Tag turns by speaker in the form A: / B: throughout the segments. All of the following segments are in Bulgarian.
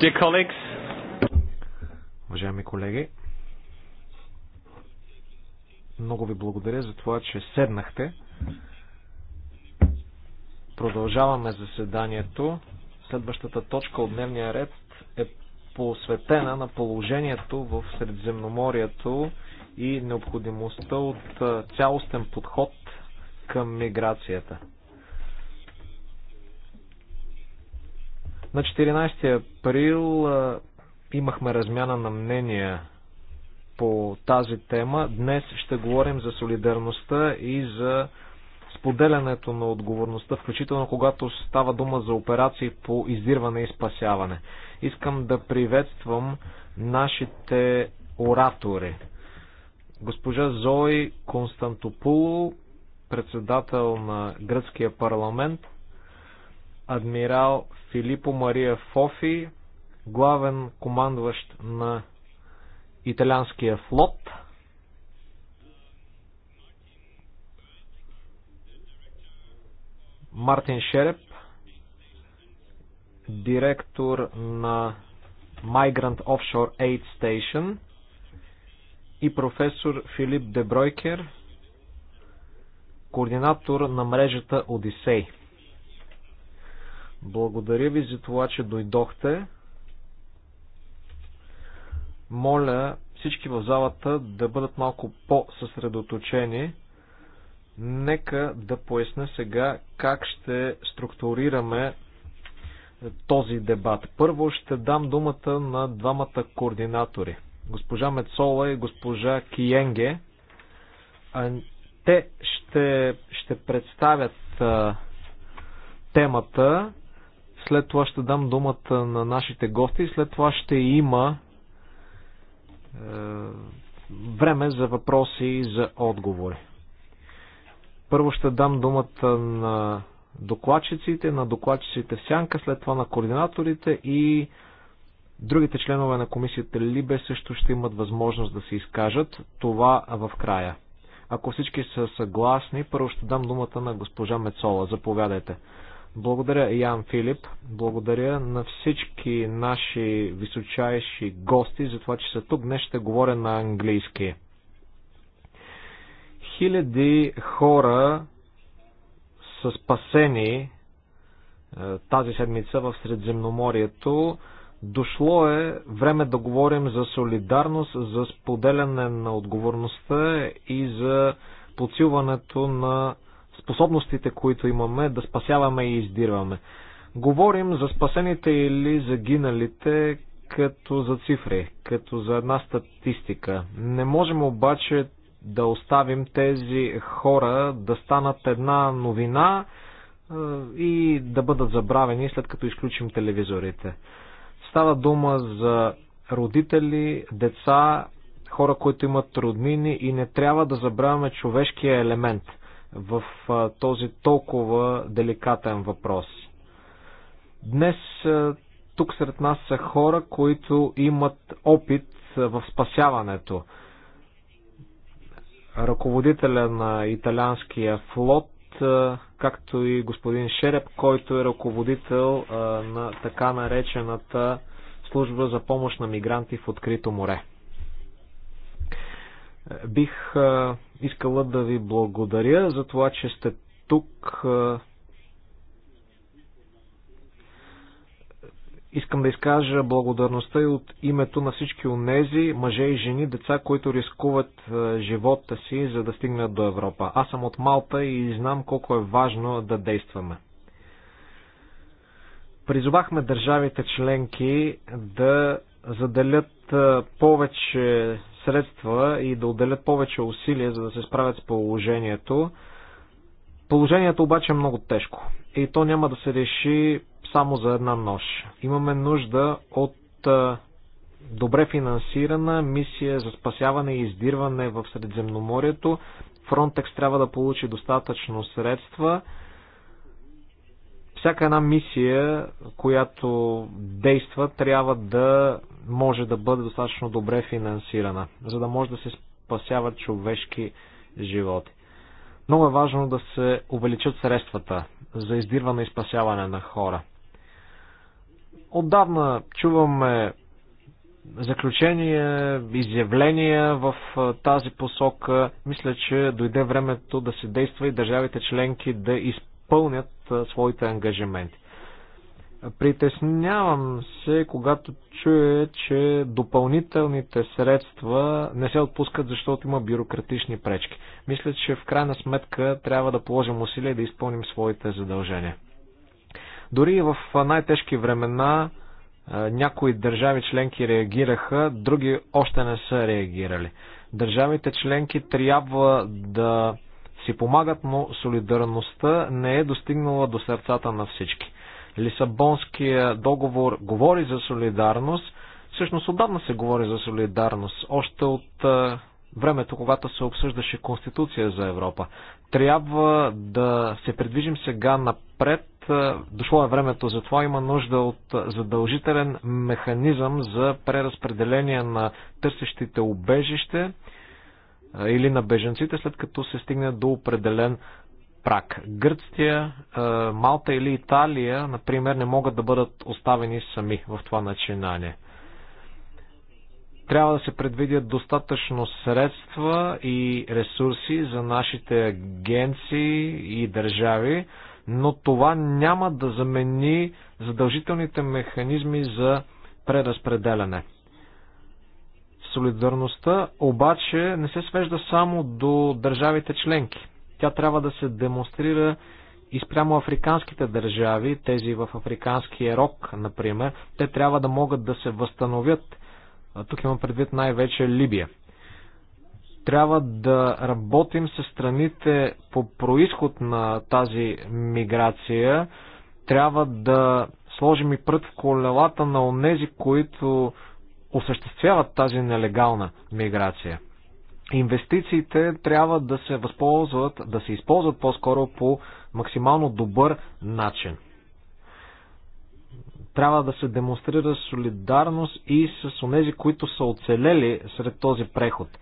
A: Dear colleagues,
B: уважаеми колеги, много ви благодаря за това, че седнахте. Продължаваме заседанието. Следващата точка от дневния ред е посветена на положението в Средиземноморието и необходимостта от цялостен подход към миграцията. На 14 април имахме размяна на мнения по тази тема. Днес ще говорим за солидарността и за споделянето на отговорността, включително когато става дума за операции по издирване и спасяване. Искам да приветствам нашите оратори. Госпожа Зои Константопулу, председател на гръцкия парламент, адмирал Филипо Мария Фофи, главен командващ на италианския флот. Мартин Шереп, директор на Migrant Offshore Aid Station и професор Филип Дебройкер, координатор на мрежата Одисей. Благодаря ви за това, че дойдохте. Моля всички в залата да бъдат малко по-съсредоточени. Нека да поясня сега как ще структурираме този дебат. Първо ще дам думата на двамата координатори. Госпожа Мецола и госпожа Киенге. Те ще, ще представят темата след това ще дам думата на нашите гости. След това ще има е, време за въпроси и за отговори. Първо ще дам думата на докладчиците, на докладчиците в сянка, след това на координаторите и другите членове на комисията Либе също ще имат възможност да се изкажат. Това в края. Ако всички са съгласни, първо ще дам думата на госпожа Мецола. Заповядайте. Благодаря, Ян Филип. Благодаря на всички наши височайши гости за това, че са тук. Днес ще говоря на английски. Хиляди хора са спасени е, тази седмица в Средземноморието. Дошло е време да говорим за солидарност, за споделяне на отговорността и за подсилването на способностите, които имаме да спасяваме и издирваме. Говорим за спасените или загиналите като за цифри, като за една статистика. Не можем обаче да оставим тези хора да станат една новина е, и да бъдат забравени след като изключим телевизорите. Става дума за родители, деца, хора, които имат роднини и не трябва да забравяме човешкия елемент – в този толкова деликатен въпрос. Днес тук сред нас са хора, които имат опит в спасяването. Ръководителя на италианския флот, както и господин Шереп, който е ръководител на така наречената служба за помощ на мигранти в открито море. Бих искала да ви благодаря за това, че сте тук. Искам да изкажа благодарността и от името на всички онези мъже и жени, деца, които рискуват живота си, за да стигнат до Европа. Аз съм от Малта и знам колко е важно да действаме. Призовахме държавите членки да заделят повече средства и да отделят повече усилия, за да се справят с положението. Положението обаче е много тежко и то няма да се реши само за една нощ. Имаме нужда от добре финансирана мисия за спасяване и издирване в Средиземноморието. Фронтекс трябва да получи достатъчно средства. Всяка една мисия, която действа, трябва да може да бъде достатъчно добре финансирана, за да може да се спасяват човешки животи. Много е важно да се увеличат средствата за издирване и спасяване на хора. Отдавна чуваме заключения, изявления в тази посока. Мисля, че дойде времето да се действа и държавите членки да изпълнят своите ангажименти. Притеснявам се, когато чуя, че допълнителните средства не се отпускат, защото има бюрократични пречки. Мисля, че в крайна сметка трябва да положим усилия да изпълним своите задължения. Дори в най-тежки времена някои държави членки реагираха, други още не са реагирали. Държавите членки трябва да си помагат, но солидарността не е достигнала до сърцата на всички. Лисабонския договор говори за солидарност. Всъщност отдавна се говори за солидарност. Още от времето, когато се обсъждаше Конституция за Европа. Трябва да се предвижим сега напред. Дошло е времето, затова има нужда от задължителен механизъм за преразпределение на търсещите убежище или на беженците, след като се стигне до определен прак. Гърция, е, Малта или Италия, например, не могат да бъдат оставени сами в това начинание. Трябва да се предвидят достатъчно средства и ресурси за нашите агенции и държави, но това няма да замени задължителните механизми за преразпределяне. Солидарността обаче не се свежда само до държавите членки. Тя трябва да се демонстрира и спрямо африканските държави, тези в африканския рок, например, те трябва да могат да се възстановят. Тук имам предвид най-вече Либия. Трябва да работим с страните по происход на тази миграция. Трябва да сложим и прът в колелата на онези, които осъществяват тази нелегална миграция инвестициите трябва да се възползват, да се използват по-скоро по максимално добър начин. Трябва да се демонстрира солидарност и с онези, които са оцелели сред този преход. Е,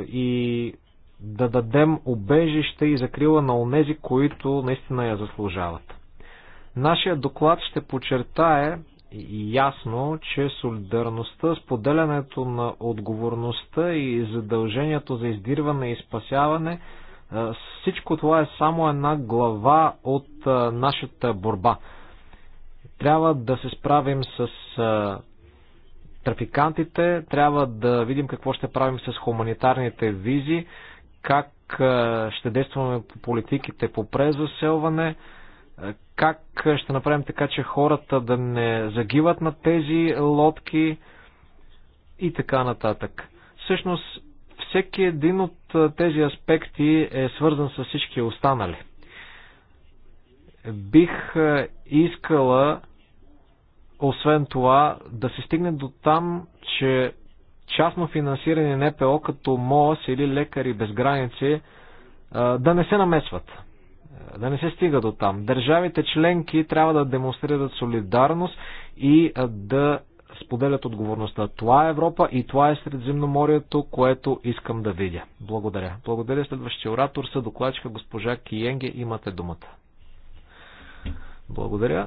B: и да дадем обежище и закрила на онези, които наистина я заслужават. Нашия доклад ще подчертае, ясно, че солидарността, споделянето на отговорността и задължението за издирване и спасяване, всичко това е само една глава от нашата борба. Трябва да се справим с трафикантите, трябва да видим какво ще правим с хуманитарните визи, как ще действаме по политиките по презаселване, е, как ще направим така, че хората да не загиват на тези лодки и така нататък. Всъщност, всеки един от е, тези аспекти е свързан с всички останали. Бих е, искала, освен това, да се стигне до там, че частно финансиране НПО като МОС или Лекари без граници да не се намесват да не се стига до там. Държавите членки трябва да демонстрират солидарност и да споделят отговорността. Това е Европа и това е Средземноморието, което искам да видя. Благодаря. Благодаря следващия оратор, съдокладчика госпожа Киенге. Имате думата. Благодаря.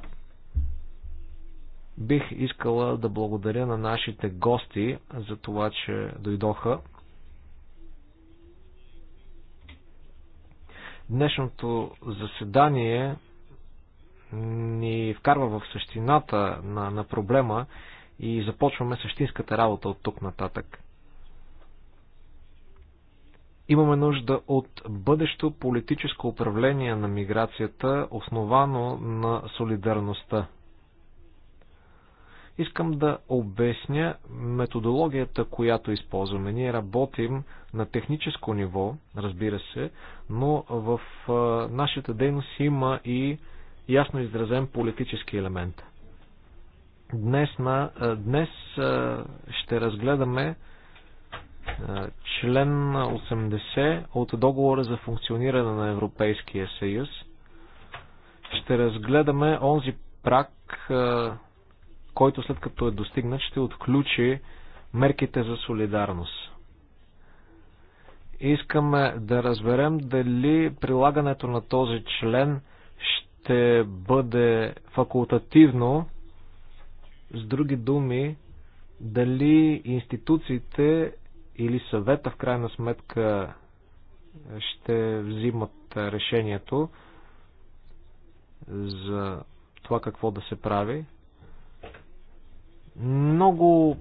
B: Бих искала да благодаря на нашите гости за това, че дойдоха Днешното заседание ни вкарва в същината на, на проблема и започваме същинската работа от тук нататък. Имаме нужда от бъдещо политическо управление на миграцията, основано на солидарността. Искам да обясня методологията, която използваме. Ние работим на техническо ниво, разбира се, но в нашата дейност има и ясно изразен политически елемент. Днес, на, днес ще разгледаме член 80 от договора за функциониране на Европейския съюз. Ще разгледаме онзи прак, който след като е достигнат, ще отключи мерките за солидарност. Искаме да разберем дали прилагането на този член ще бъде факултативно. С други думи, дали институциите или съвета в крайна сметка ще взимат е, решението за това какво да се прави. Много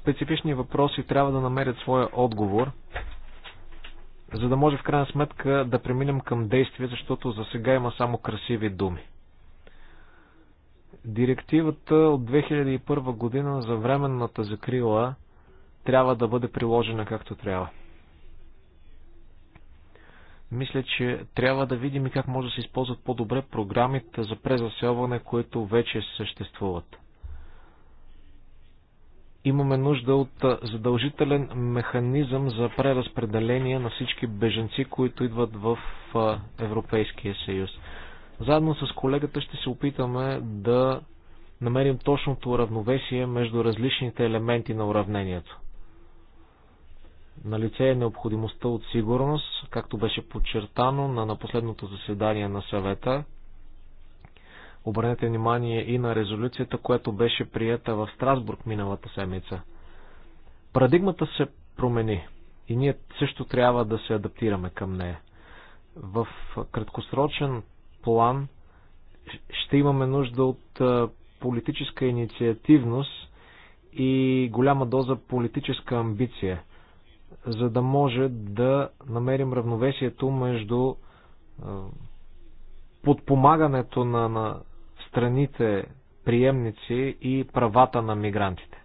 B: специфични въпроси трябва да намерят своя отговор за да може в крайна сметка да преминем към действие, защото за сега има само красиви думи. Директивата от 2001 година за временната закрила трябва да бъде приложена както трябва. Мисля, че трябва да видим и как може да се използват по-добре програмите за презаселване, които вече съществуват имаме нужда от задължителен механизъм за преразпределение на всички беженци, които идват в Европейския съюз. Заедно с колегата ще се опитаме да намерим точното равновесие между различните елементи на уравнението. Налице е необходимостта от сигурност, както беше подчертано на последното заседание на съвета, Обърнете внимание и на резолюцията, която беше приета в Страсбург миналата седмица. Парадигмата се промени и ние също трябва да се адаптираме към нея. В краткосрочен план ще имаме нужда от политическа инициативност и голяма доза политическа амбиция, за да може да намерим равновесието между подпомагането на, на страните приемници и правата на мигрантите.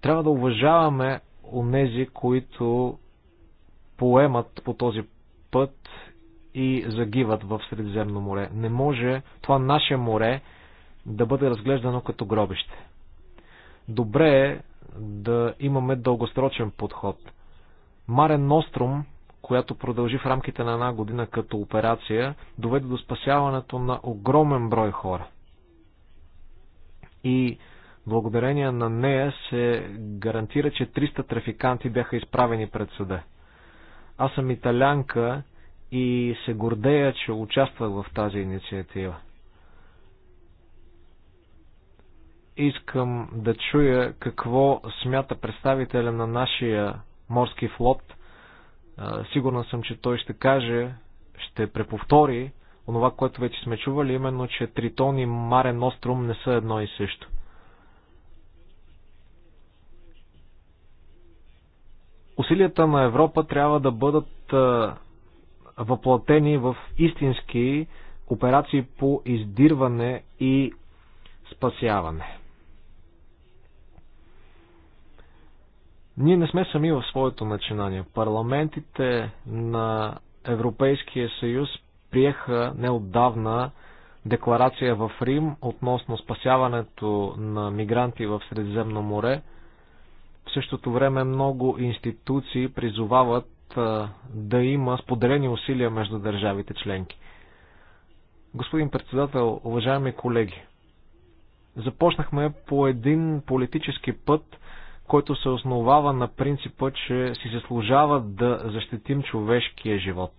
B: Трябва да уважаваме онези, които поемат по този път и загиват в Средиземно море. Не може това наше море да бъде разглеждано като гробище. Добре е да имаме дългосрочен подход. Марен Ностром която продължи в рамките на една година като операция, доведе до спасяването на огромен брой хора. И благодарение на нея се гарантира, че 300 трафиканти бяха изправени пред съда. Аз съм италянка и се гордея, че участвах в тази инициатива. Искам да чуя какво смята представителя на нашия морски флот – Сигурна съм, че той ще каже, ще преповтори онова, което вече сме чували, именно, че Тритон и Марен Нострум не са едно и също. Усилията на Европа трябва да бъдат въплатени в истински операции по издирване и спасяване. Ние не сме сами в своето начинание. Парламентите на Европейския съюз приеха неотдавна декларация в Рим относно спасяването на мигранти в Средиземно море. В същото време много институции призовават да има споделени усилия между държавите членки. Господин председател, уважаеми колеги, започнахме по един политически път – който се основава на принципа, че си заслужава да защитим човешкия живот.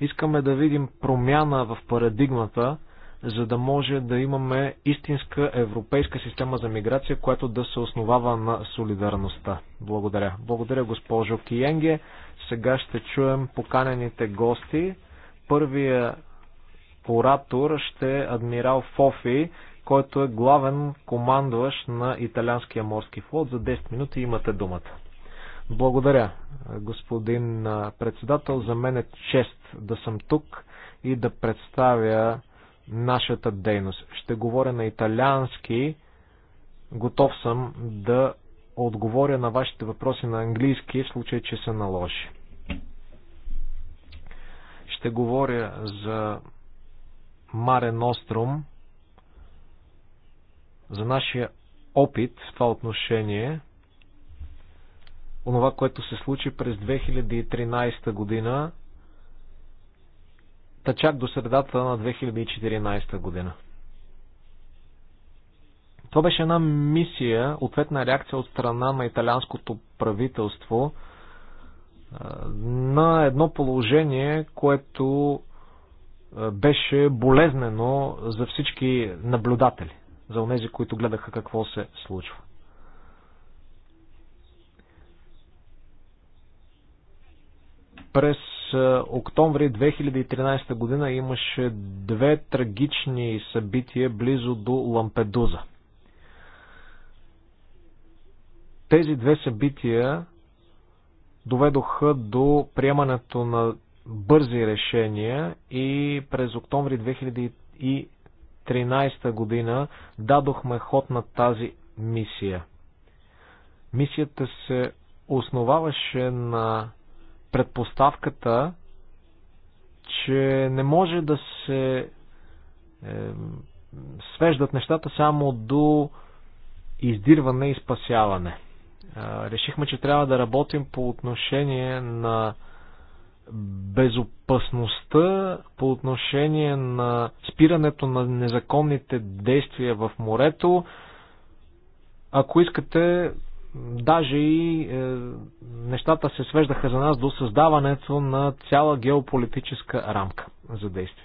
B: Искаме да видим промяна в парадигмата, за да може да имаме истинска европейска система за миграция, която да се основава на солидарността. Благодаря. Благодаря, госпожо Киенге. Сега ще чуем поканените гости. Първия оратор ще е адмирал Фофи, който е главен командващ на италианския морски флот. За 10 минути имате думата. Благодаря, господин председател. За мен е чест да съм тук и да представя нашата дейност. Ще говоря на италиански. Готов съм да отговоря на вашите въпроси на английски, в случай, че се наложи. Ще говоря за Маре Ностром, за нашия опит в това отношение, онова, което се случи през 2013 година, та чак до средата на 2014 година. Това беше една мисия, ответна реакция от страна на италианското правителство на едно положение, което беше болезнено за всички наблюдатели за онези, които гледаха какво се случва. През е, октомври 2013 година имаше две трагични събития близо до Лампедуза. Тези две събития доведоха до приемането на бързи решения и през октомври 2013 2013 година дадохме ход на тази мисия. Мисията се основаваше на предпоставката, че не може да се е, свеждат нещата само до издирване и спасяване. Е, решихме, че трябва да работим по отношение на безопасността по отношение на спирането на незаконните действия в морето, ако искате, даже и е, нещата се свеждаха за нас до създаването на цяла геополитическа рамка за действие.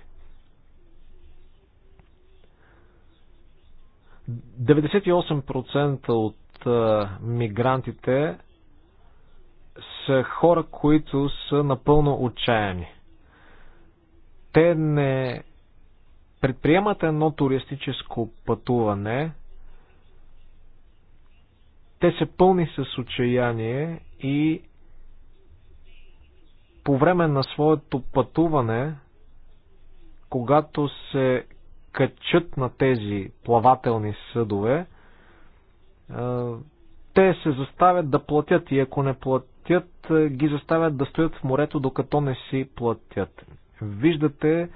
B: 98% от е, мигрантите са хора, които са напълно отчаяни. Те не предприемат едно туристическо пътуване, те се пълни с отчаяние и по време на своето пътуване, когато се качат на тези плавателни съдове, те се заставят да платят и ако не платят, платят, е, ги заставят да стоят в морето, докато не си платят. Виждате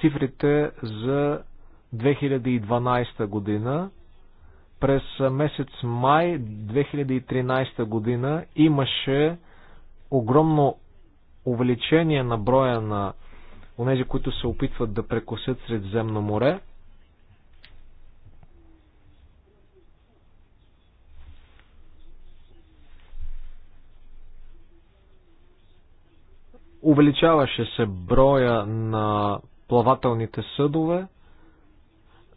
B: цифрите за 2012 година. През е, месец май 2013 година имаше огромно увеличение на броя на онези, които се опитват да прекосят Средземно море – Увеличаваше се броя на плавателните съдове.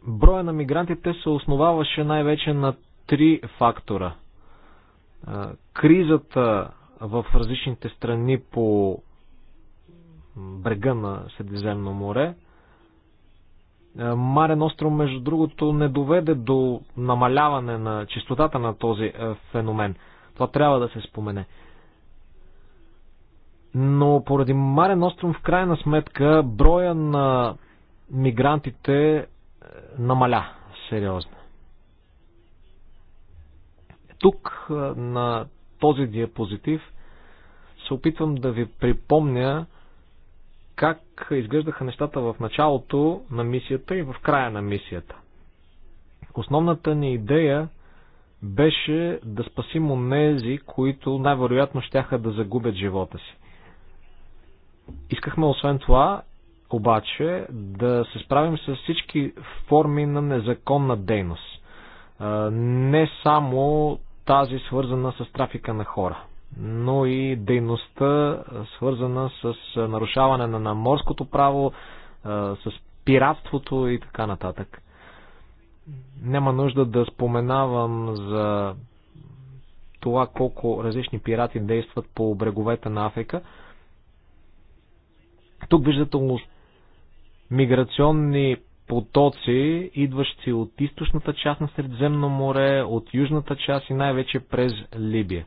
B: Броя на мигрантите се основаваше най-вече на три фактора. Е, кризата в различните страни по брега на Средиземно море. Е, Марен остров, между другото, не доведе до намаляване на чистотата на този е, феномен. Това трябва да се спомене. Но поради Марен остров в крайна сметка броя на мигрантите е, намаля сериозно. Тук е, на този диапозитив се опитвам да ви припомня как изглеждаха нещата в началото на мисията и в края на мисията. Основната ни идея беше да спасим онези, които най-вероятно щяха да загубят живота си. Искахме освен това обаче да се справим с всички форми на незаконна дейност. Не само тази свързана с трафика на хора, но и дейността свързана с нарушаване на морското право, с пиратството и така нататък. Няма нужда да споменавам за това колко различни пирати действат по бреговете на Африка – тук виждате миграционни потоци, идващи от източната част на Средземно море, от южната част и най-вече през Либия.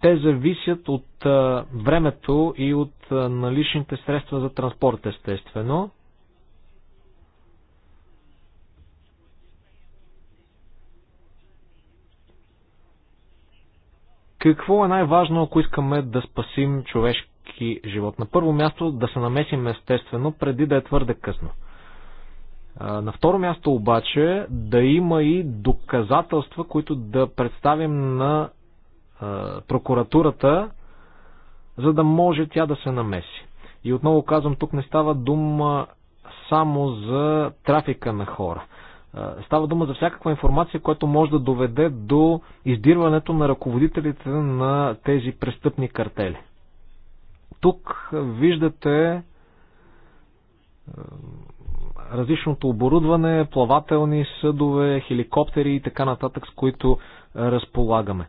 B: Те зависят от времето и от наличните средства за транспорт, естествено. Какво е най-важно, ако искаме да спасим човешки всеки живот. На първо място да се намесим естествено, преди да е твърде късно. На второ място обаче да има и доказателства, които да представим на прокуратурата, за да може тя да се намеси. И отново казвам, тук не става дума само за трафика на хора. Става дума за всякаква информация, която може да доведе до издирването на ръководителите на тези престъпни картели. Тук виждате е, различното оборудване, плавателни съдове, хеликоптери и така нататък, с които е, разполагаме.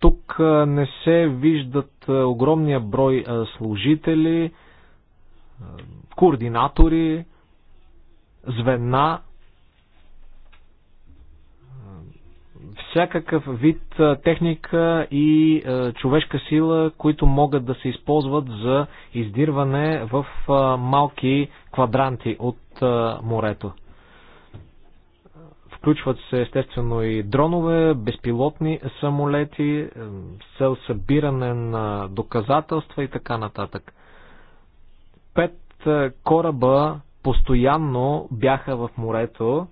B: Тук е, не се виждат огромния брой служители, координатори, звена, всякакъв вид техника и човешка сила, които могат да се използват за издирване в малки квадранти от морето. Включват се естествено и дронове, безпилотни самолети, с цел събиране на доказателства и така нататък. Пет кораба постоянно бяха в морето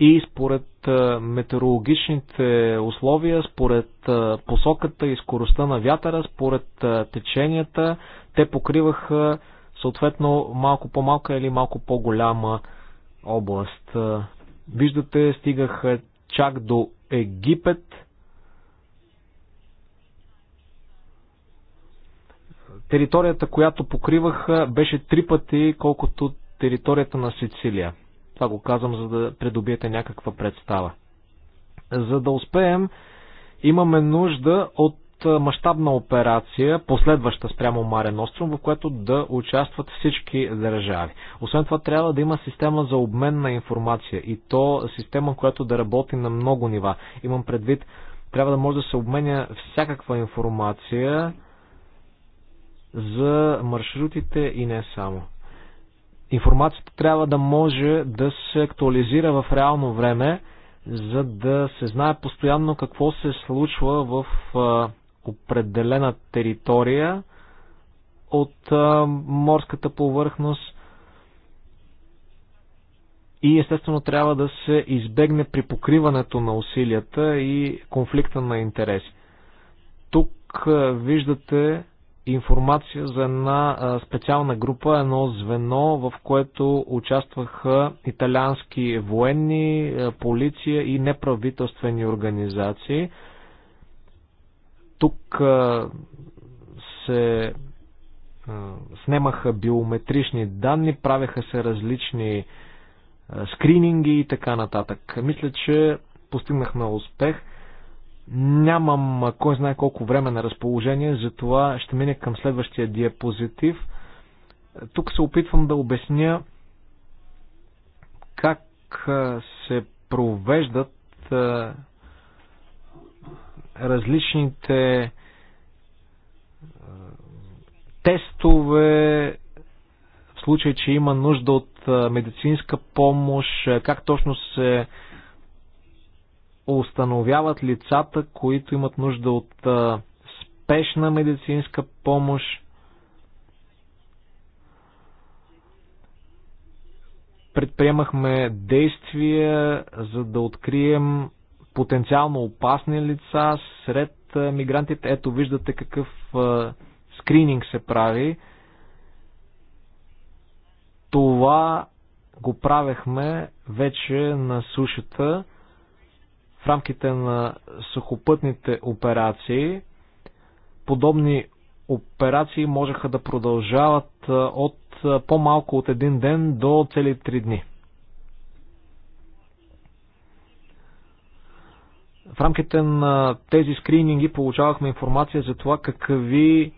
B: и според метеорологичните условия, според посоката и скоростта на вятъра, според теченията, те покриваха съответно малко по-малка или малко по-голяма област. Виждате, стигаха чак до Египет. Територията, която покриваха, беше три пъти колкото територията на Сицилия. Това го казвам, за да придобиете някаква представа. За да успеем, имаме нужда от мащабна операция, последваща спрямо Марен Остров, в която да участват всички държави. Освен това трябва да има система за обмен на информация и то система, която да работи на много нива. Имам предвид, трябва да може да се обменя всякаква информация за маршрутите и не само. Информацията трябва да може да се актуализира в реално време, за да се знае постоянно какво се случва в определена територия от морската повърхност и естествено трябва да се избегне при покриването на усилията и конфликта на интереси. Тук виждате информация за една специална група, едно звено, в което участваха италиански военни, полиция и неправителствени организации. Тук се снимаха биометрични данни, правеха се различни скрининги и така нататък. Мисля, че постигнахме успех – Нямам кой знае колко време на разположение, затова ще мине към следващия диапозитив. Тук се опитвам да обясня как се провеждат различните тестове, в случай, че има нужда от медицинска помощ, как точно се установяват лицата, които имат нужда от спешна медицинска помощ. Предприемахме действия, за да открием потенциално опасни лица сред мигрантите. Ето виждате какъв скрининг се прави. Това го правехме вече на сушата в рамките на сухопътните операции. Подобни операции можеха да продължават от по-малко от един ден до цели три дни. В рамките на тези скрининги получавахме информация за това какви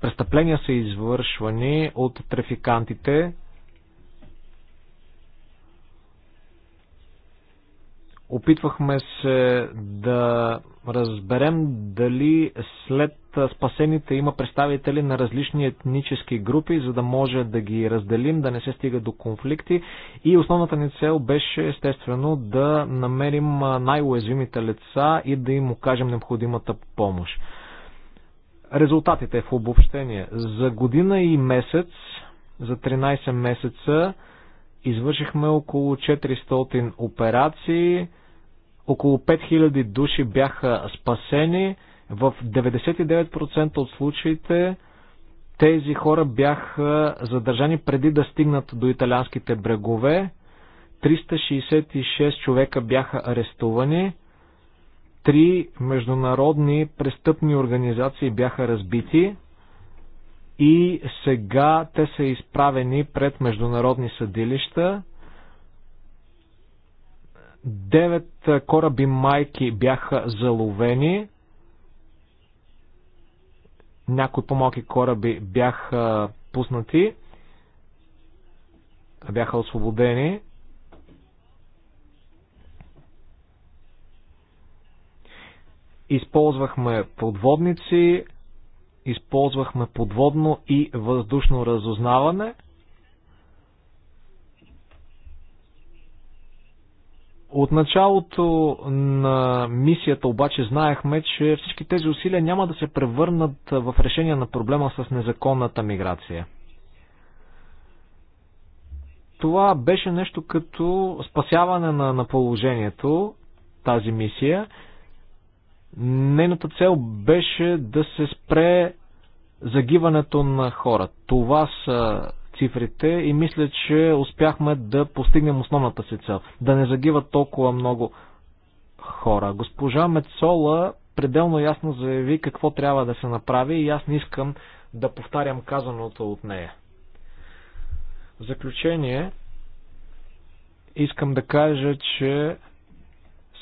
B: престъпления са извършвани от трафикантите, Опитвахме се да разберем дали след спасените има представители на различни етнически групи, за да може да ги разделим, да не се стига до конфликти. И основната ни цел беше естествено да намерим най-уязвимите лица и да им окажем необходимата помощ. Резултатите в обобщение. За година и месец, за 13 месеца, извършихме около 400 операции, около 5000 души бяха спасени. В 99% от случаите тези хора бяха задържани преди да стигнат до италианските брегове. 366 човека бяха арестувани. Три международни престъпни организации бяха разбити и сега те са изправени пред международни съдилища. Девет кораби майки бяха заловени. Някои по-малки кораби бяха пуснати. Бяха освободени. Използвахме подводници, използвахме подводно и въздушно разузнаване – От началото на мисията обаче знаехме, че всички тези усилия няма да се превърнат в решение на проблема с незаконната миграция. Това беше нещо като спасяване на, на положението, тази мисия. Нейната цел беше да се спре загиването на хора. Това са цифрите и мисля, че успяхме да постигнем основната си цел. Да не загиват толкова много хора. Госпожа Мецола пределно ясно заяви какво трябва да се направи и аз не искам да повтарям казаното от нея. В заключение, искам да кажа, че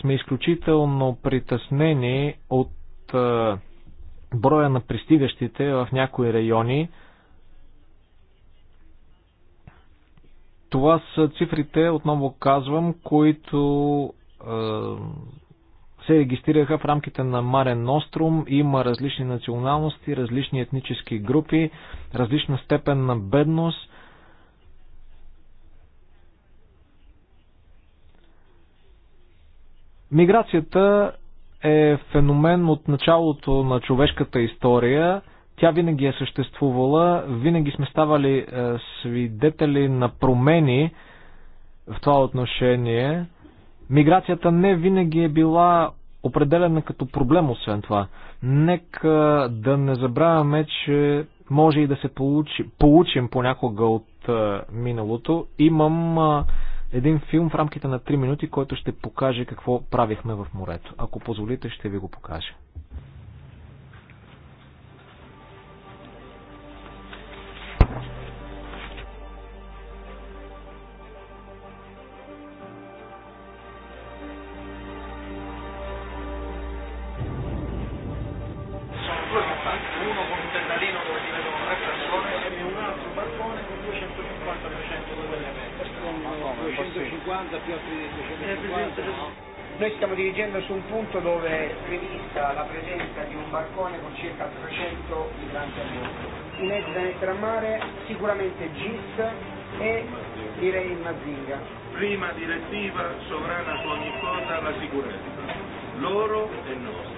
B: сме изключително притеснени от броя на пристигащите в някои райони. Това са цифрите, отново казвам, които е, се регистрираха в рамките на Марен Ностром. Има различни националности, различни етнически групи, различна степен на бедност. Миграцията е феномен от началото на човешката история – тя винаги е съществувала, винаги сме ставали е, свидетели на промени в това отношение. Миграцията не винаги е била определена като проблем, освен това. Нека е, да не забравяме, че може и да се получи, получим понякога от е, миналото. Имам един филм в рамките на 3 минути, който ще покаже какво правихме в морето. Ако позволите, ще ви го покажа.
C: mare sicuramente GIS e direi Mazinga. Prima direttiva sovrana su ogni cosa la sicurezza,
D: loro e nostra.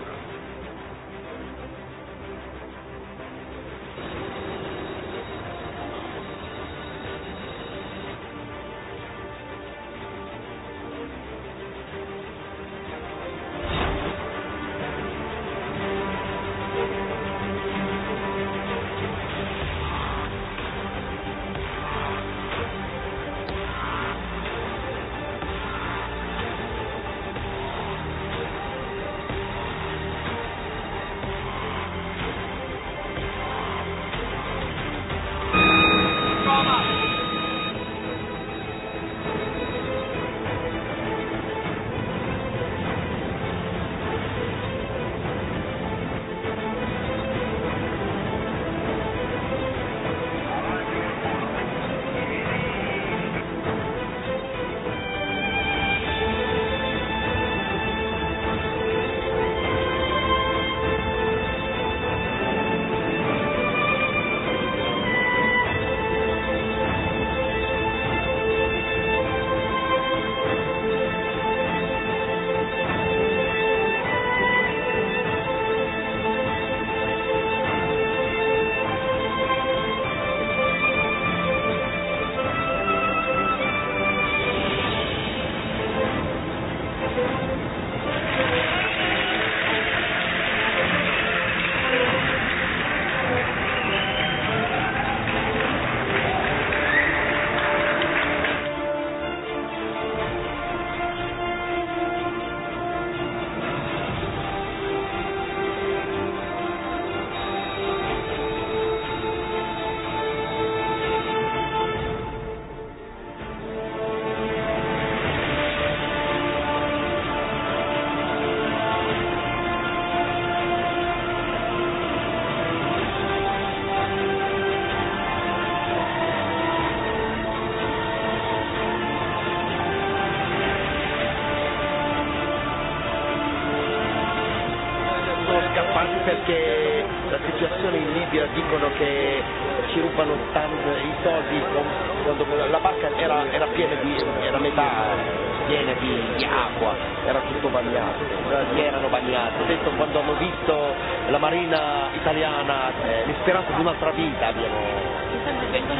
C: un'altra vita abbiamo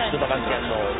C: vissuto davanti a noi.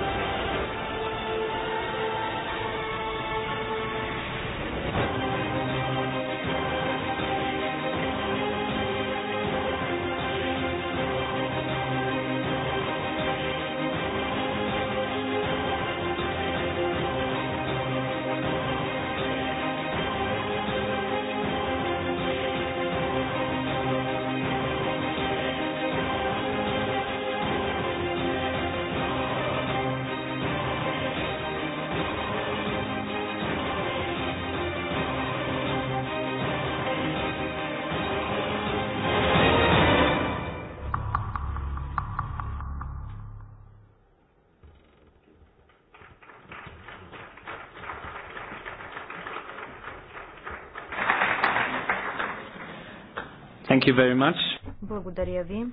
D: Thank you very much.
E: Благодаря ви.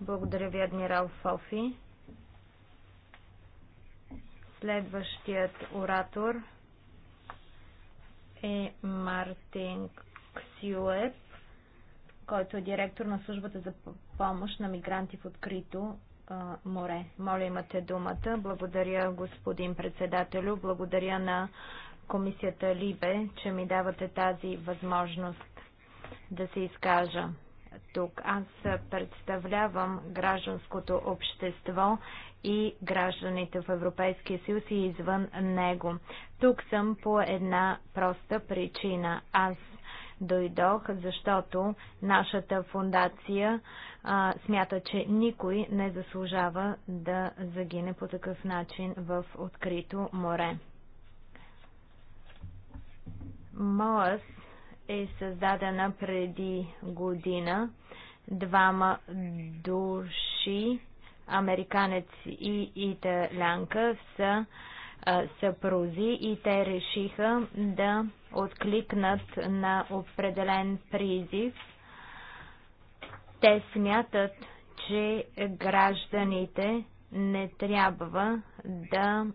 E: Благодаря ви, адмирал Софи. Следващият оратор е Мартин Ксюеп, който е директор на службата за помощ на мигранти в открито море. Моля, имате думата. Благодаря, господин председателю. Благодаря на комисията Либе, че ми давате тази възможност да се изкажа тук. Аз представлявам гражданското общество и гражданите в Европейския съюз и извън него. Тук съм по една проста причина. Аз дойдох, защото нашата фундация а, смята, че никой не заслужава да загине по такъв начин в открито море. Моят е създадена преди година. Двама души, американец и италянка, са съпрузи и те решиха да откликнат на определен призив. Те смятат, че гражданите не трябва да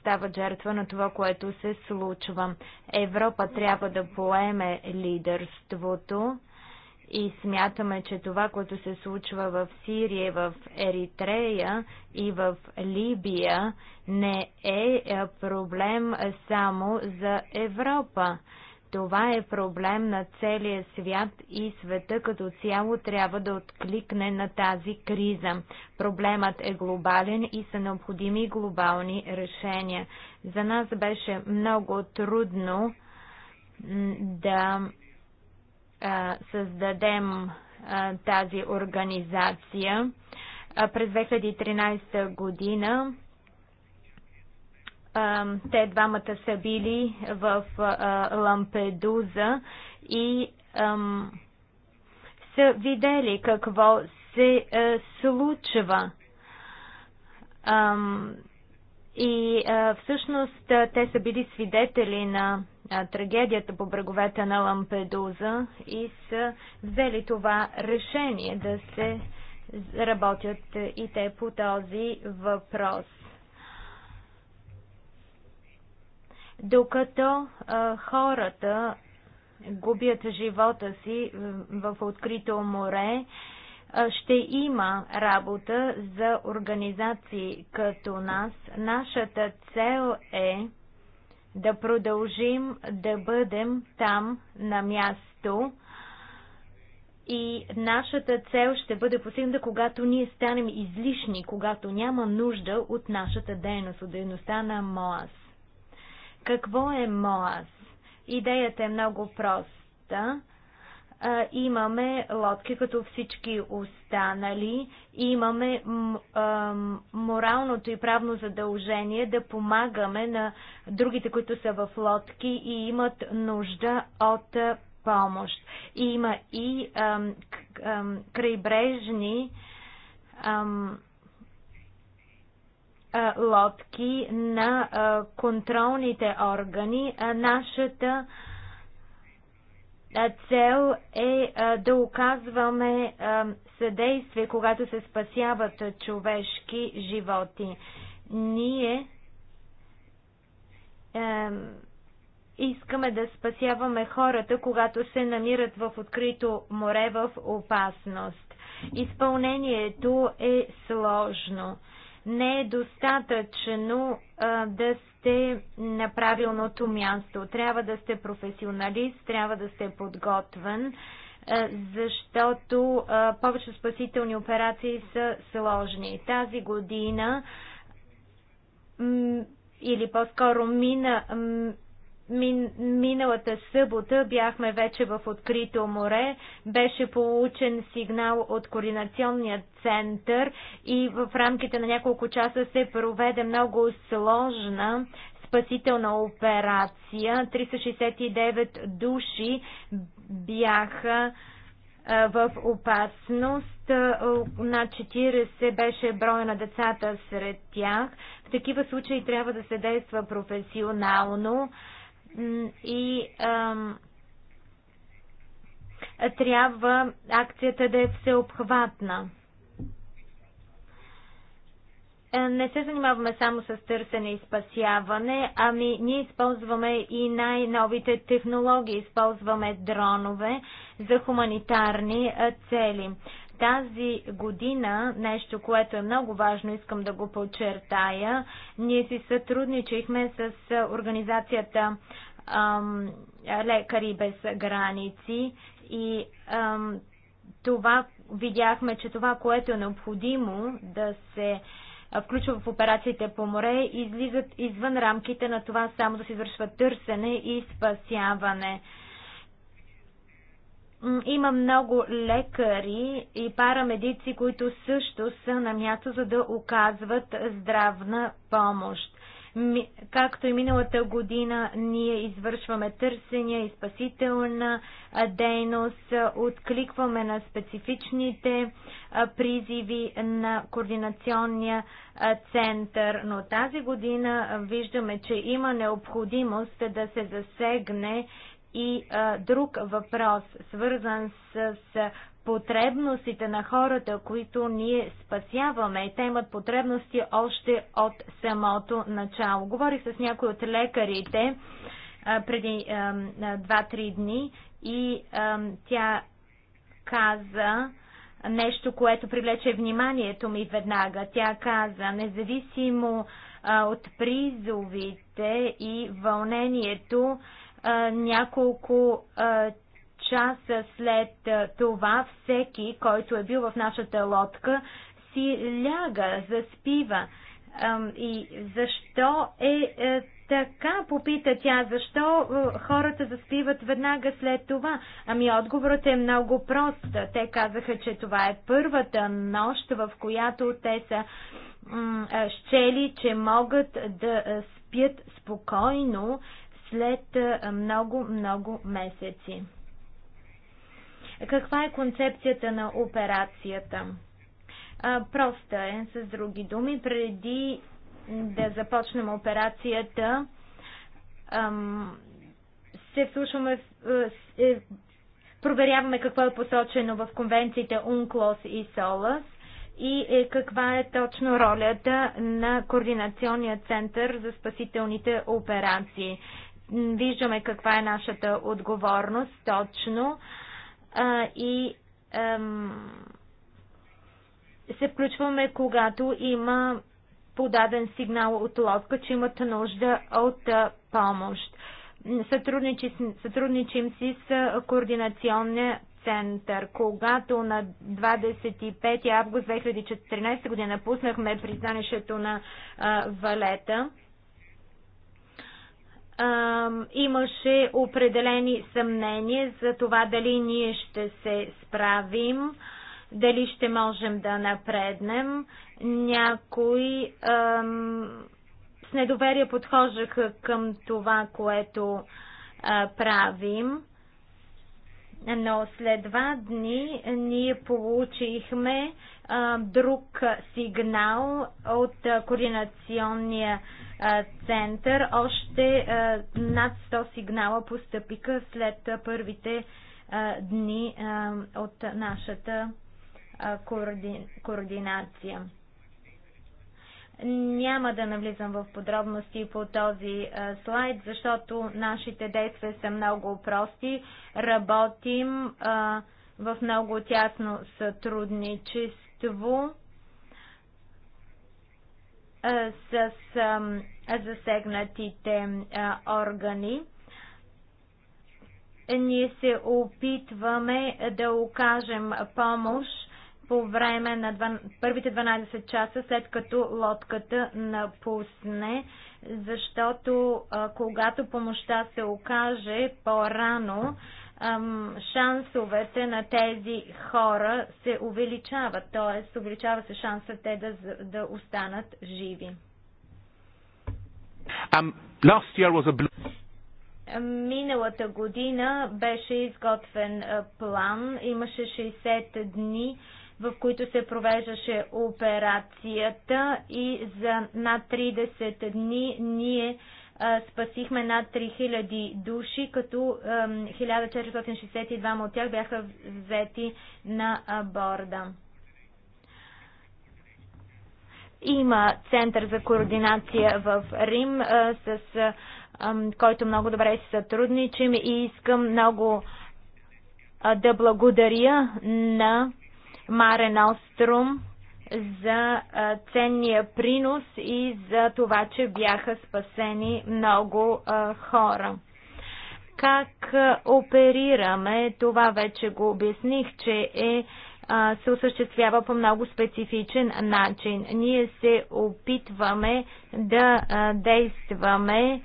E: стават жертва на това, което се случва. Европа трябва да поеме лидерството и смятаме, че това, което се случва в Сирия, в Еритрея и в Либия, не е, е проблем само за Европа. Това е проблем на целия свят и света като цяло трябва да откликне на тази криза. Проблемът е глобален и са необходими глобални решения. За нас беше много трудно да създадем тази организация. През 2013 година те двамата са били в Лампедуза и са видели какво се случва. И всъщност те са били свидетели на трагедията по бреговете на Лампедуза и са взели това решение да се работят и те по този въпрос. докато а, хората губят живота си в открито море, ще има работа за организации като нас. Нашата цел е да продължим да бъдем там на място и нашата цел ще бъде постигната, когато ние станем излишни, когато няма нужда от нашата дейност, от дейността на МОАС. Какво е МОАС? Идеята е много проста. Имаме лодки като всички останали. Имаме моралното и правно задължение да помагаме на другите, които са в лодки и имат нужда от помощ. Има и крайбрежни ам, лодки на контролните органи. Нашата цел е да оказваме съдействие, когато се спасяват човешки животи. Ние искаме да спасяваме хората, когато се намират в открито море в опасност. Изпълнението е сложно. Не е достатъчно а, да сте на правилното място. Трябва да сте професионалист, трябва да сте подготвен, а, защото а, повече спасителни операции са сложни. Тази година или по-скоро мина Мин, миналата събота бяхме вече в открито море. Беше получен сигнал от координационния център и в рамките на няколко часа се проведе много сложна спасителна операция. 369 души бяха в опасност. На 40 беше броя на децата сред тях. В такива случаи трябва да се действа професионално и а, трябва акцията да е всеобхватна. Е, не се занимаваме само с търсене и спасяване, ами ние използваме и най-новите технологии. Използваме дронове за хуманитарни е, цели. Тази година, нещо, което е много важно, искам да го подчертая, ние си сътрудничихме с организацията ам, Лекари без граници и ам, това видяхме, че това, което е необходимо да се включва в операциите по море, излизат извън рамките на това само да се извършва търсене и спасяване. Има много лекари и парамедици, които също са на място, за да оказват здравна помощ. Както и миналата година, ние извършваме търсения и спасителна дейност, откликваме на специфичните призиви на координационния център, но тази година виждаме, че има необходимост да се засегне и а, друг въпрос, свързан с, с потребностите на хората, които ние спасяваме. Те имат потребности още от самото начало. Говорих с някои от лекарите а, преди 2-3 дни и а, тя каза нещо, което привлече вниманието ми веднага. Тя каза, независимо а, от призовите и вълнението, няколко часа след това всеки, който е бил в нашата лодка, си ляга, заспива. И защо е, е така, попита тя, защо хората заспиват веднага след това? Ами отговорът е много прост. Те казаха, че това е първата нощ, в която те са щели, че могат да спят спокойно след много, много месеци. Каква е концепцията на операцията? Проста е, с други думи, преди да започнем операцията, се вслушваме, е, проверяваме какво е посочено в конвенциите UNCLOS и SOLAS и е, каква е точно ролята на Координационния център за спасителните операции виждаме каква е нашата отговорност точно а, и ам, се включваме, когато има подаден сигнал от лодка, че имат нужда от а, помощ. Сътрудничим, сътрудничим си с координационния център. Когато на 25 август 2014 година пуснахме признанието на а, Валета, имаше определени съмнения за това дали ние ще се справим, дали ще можем да напреднем. Някои ам, с недоверие подхождаха към това, което а, правим. Но след два дни ние получихме друг сигнал от координационния център. Още над 100 сигнала постъпиха след първите дни от нашата координация. Няма да навлизам в подробности по този слайд, защото нашите действия са много прости. Работим в много тясно сътрудничество множество с засегнатите органи. Ние се опитваме да окажем помощ по време на първите 12 часа след като лодката напусне, защото когато помощта се окаже по-рано, шансовете на тези хора се увеличават, т.е. увеличава се шанса те да, да останат живи.
A: Um, last year was a...
E: Миналата година беше изготвен план. Имаше 60 дни, в които се провеждаше операцията и за над 30 дни ние спасихме над 3000 души, като 1462 от тях бяха взети на борда. Има център за координация в Рим, с който много добре се сътрудничим и искам много да благодаря на Маре Нострум, за ценния принос и за това, че бяха спасени много хора. Как оперираме, това вече го обясних, че е се осъществява по много специфичен начин. Ние се опитваме да действаме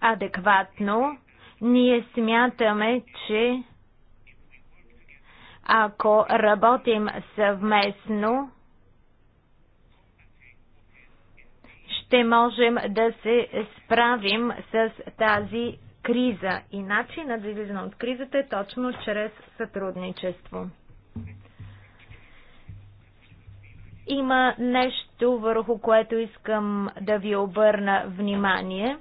E: адекватно. Ние смятаме, че ако работим съвместно, ще можем да се справим с тази криза. И начинът за излизане от кризата е точно чрез сътрудничество. Има нещо, върху което искам да ви обърна внимание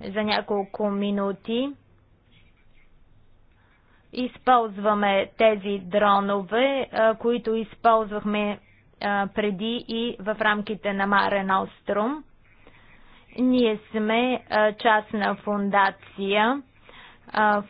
E: за няколко минути използваме тези дронове, които използвахме преди и в рамките на Маре Ностром. Ние сме частна фундация,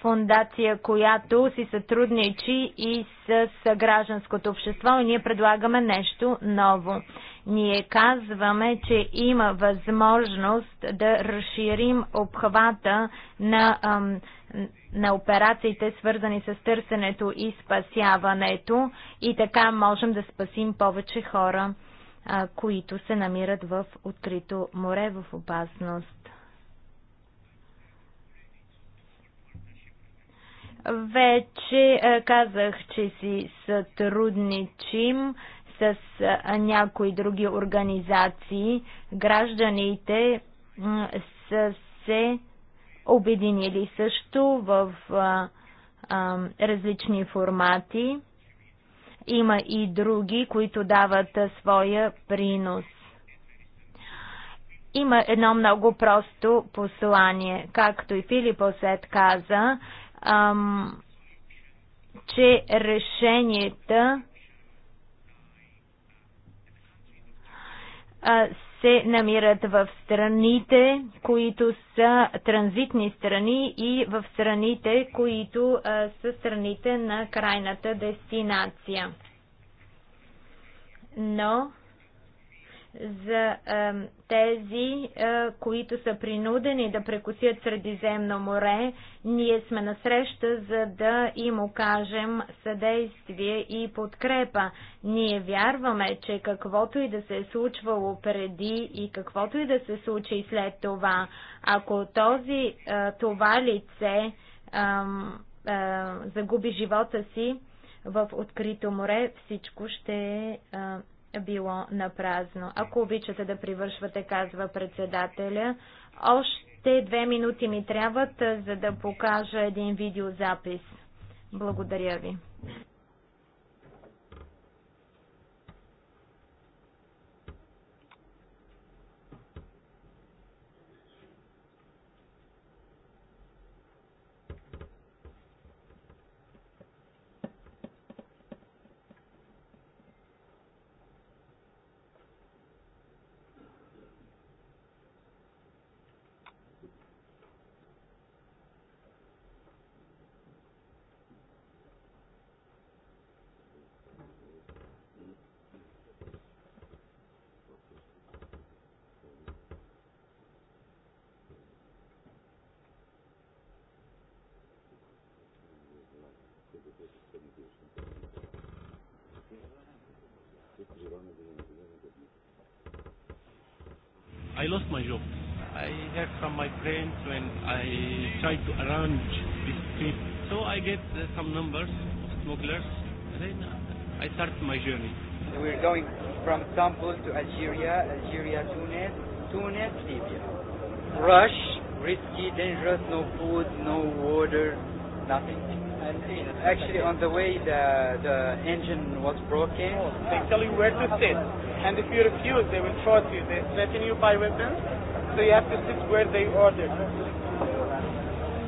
E: фундация, която си сътрудничи и с гражданското общество и ние предлагаме нещо ново. Ние казваме, че има възможност да разширим обхвата на на операциите, свързани с търсенето и спасяването и така можем да спасим повече хора, а, които се намират в открито море в опасност. Вече а, казах, че си сътрудничим с а, някои други организации. Гражданите а, са се обединили също в а, а, различни формати. Има и други, които дават а, своя принос. Има едно много просто послание, както и Филип Осет каза, ам, че решенията се намират в страните, които са транзитни страни и в страните, които а, са страните на крайната дестинация. Но за е, тези, е, които са принудени да прекусят Средиземно море, ние сме на среща, за да им окажем съдействие и подкрепа. Ние вярваме, че каквото и да се е случвало преди и каквото и да се случи след това, ако този, е, това лице загуби живота си в открито море, всичко ще е било на празно. Ако обичате да привършвате, казва председателя, още две минути ми трябват, за да покажа един видеозапис. Благодаря ви.
A: I try to arrange this trip. So I get uh, some numbers of smugglers, and then I start my journey.
C: So we're going from Istanbul to Algeria, Algeria, Tunis, Tunis, Libya. Rush, risky, dangerous, no food, no water, nothing. And actually, on the way, the, the engine was broken. They tell you where to sit, and if you refuse, they will force you. They threaten you by weapons, so you have to sit where they ordered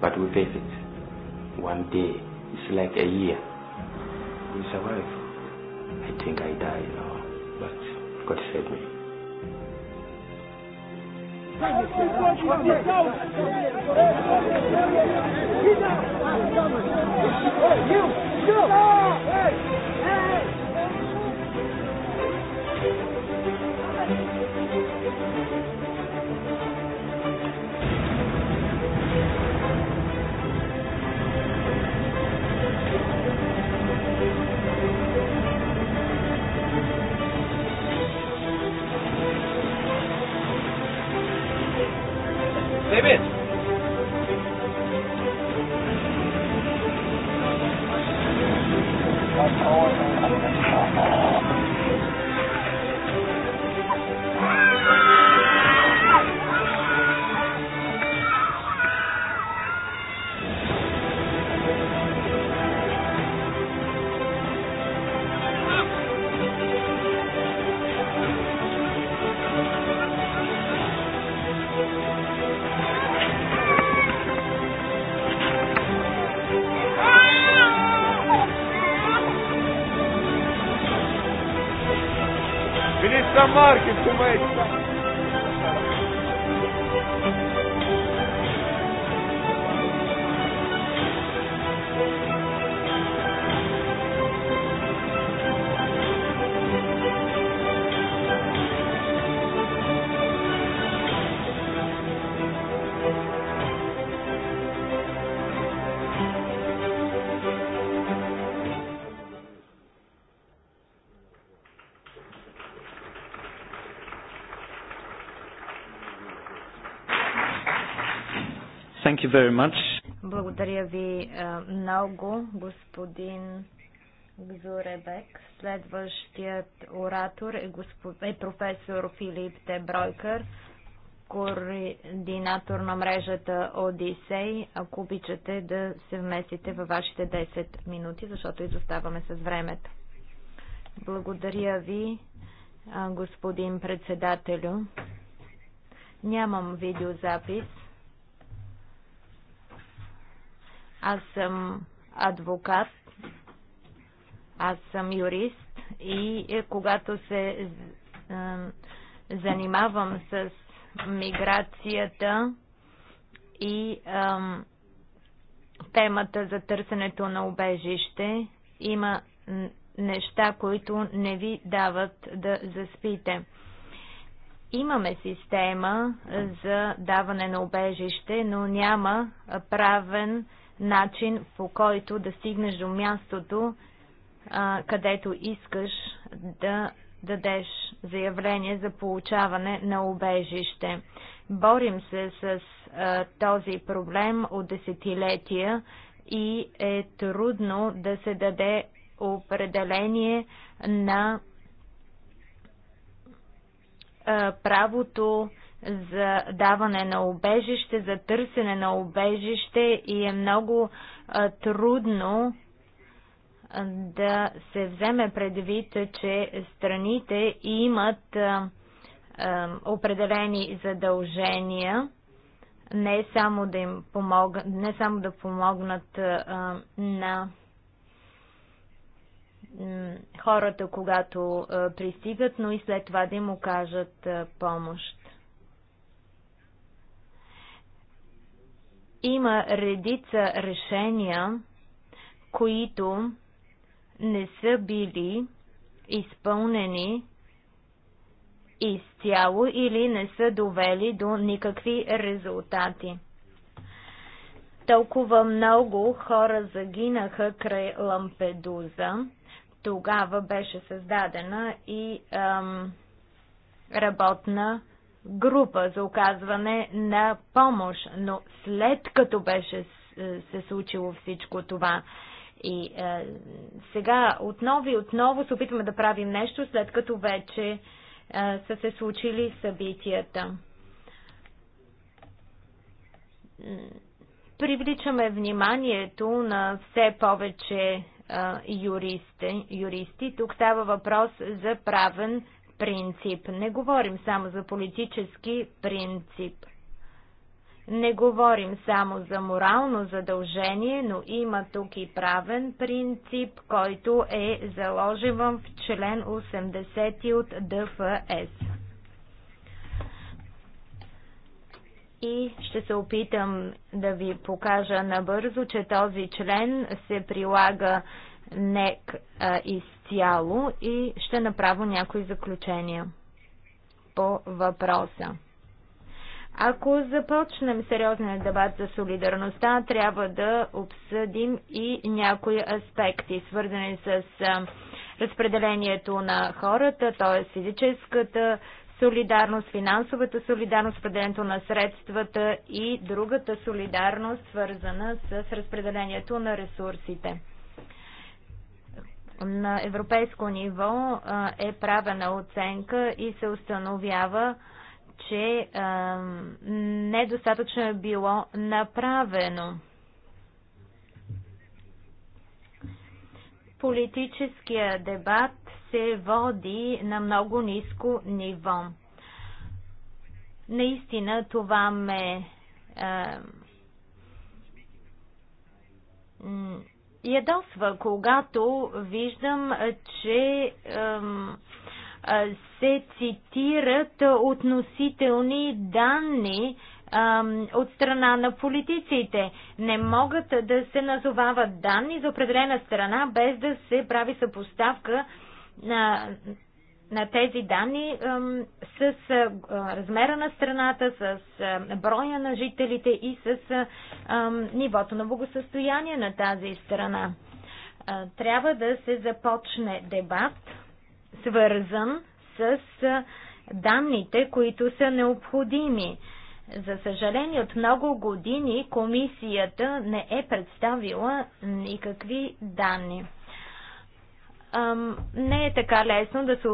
C: But we face it. One day, it's like a year. We survive. I think I die you now, but God save me. Hey, you, you. David.
D: you very much.
E: Благодаря ви много, господин Зуребек. Следващият оратор е, госпо... е професор Филип Тебройкър, координатор на мрежата Одисей. Ако обичате да се вместите във вашите 10 минути, защото изоставаме с времето. Благодаря ви, господин председателю. Нямам видеозапис. Аз съм адвокат, аз съм юрист и е, когато се е, занимавам с миграцията и е, темата за търсенето на убежище. Има неща, които не ви дават да заспите. Имаме система за даване на убежище, но няма правен начин, по който да стигнеш до мястото, а, където искаш да дадеш заявление за получаване на убежище. Борим се с а, този проблем от десетилетия и е трудно да се даде определение на правото за даване на обежище, за търсене на обежище и е много а, трудно да се вземе предвид, че страните имат а, определени задължения, не само да им помогнат, не само да помогнат на хората, когато пристигат, но и след това да им окажат помощ. Има редица решения, които не са били изпълнени изцяло или не са довели до никакви резултати. Толкова много хора загинаха край Лампедуза. Тогава беше създадена и ам, работна група за оказване на помощ, но след като беше се случило всичко това. И е, сега отново и отново се опитваме да правим нещо, след като вече е, са се случили събитията. Привличаме вниманието на все повече е, юристи, юристи. Тук става въпрос за правен принцип. Не говорим само за политически принцип. Не говорим само за морално задължение, но има тук и правен принцип, който е заложен в член 80 от ДФС. И ще се опитам да ви покажа набързо, че този член се прилага не из изцяло и ще направя някои заключения по въпроса. Ако започнем сериозен дебат за солидарността, трябва да обсъдим и някои аспекти, свързани с разпределението на хората, т.е. физическата солидарност, финансовата солидарност, разпределението на средствата и другата солидарност, свързана с разпределението на ресурсите на европейско ниво е правена оценка и се установява, че недостатъчно е било направено. Политическия дебат се води на много ниско ниво. Наистина това ме ядосва, когато виждам, че ем, се цитират относителни данни ем, от страна на политиците. Не могат да се назовават данни за определена страна, без да се прави съпоставка на, на тези данни с размера на страната, с броя на жителите и с нивото на благосъстояние на тази страна. Трябва да се започне дебат, свързан с данните, които са необходими. За съжаление, от много години комисията не е представила никакви данни не е така лесно да се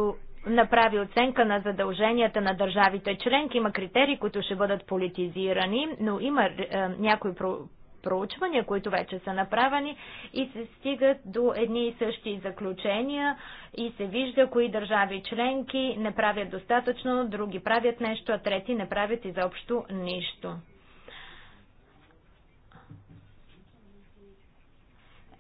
E: направи оценка на задълженията на държавите членки. Има критерии, които ще бъдат политизирани, но има е, някои про проучвания, които вече са направени и се стигат до едни и същи заключения и се вижда кои държави членки не правят достатъчно, други правят нещо, а трети не правят изобщо нищо.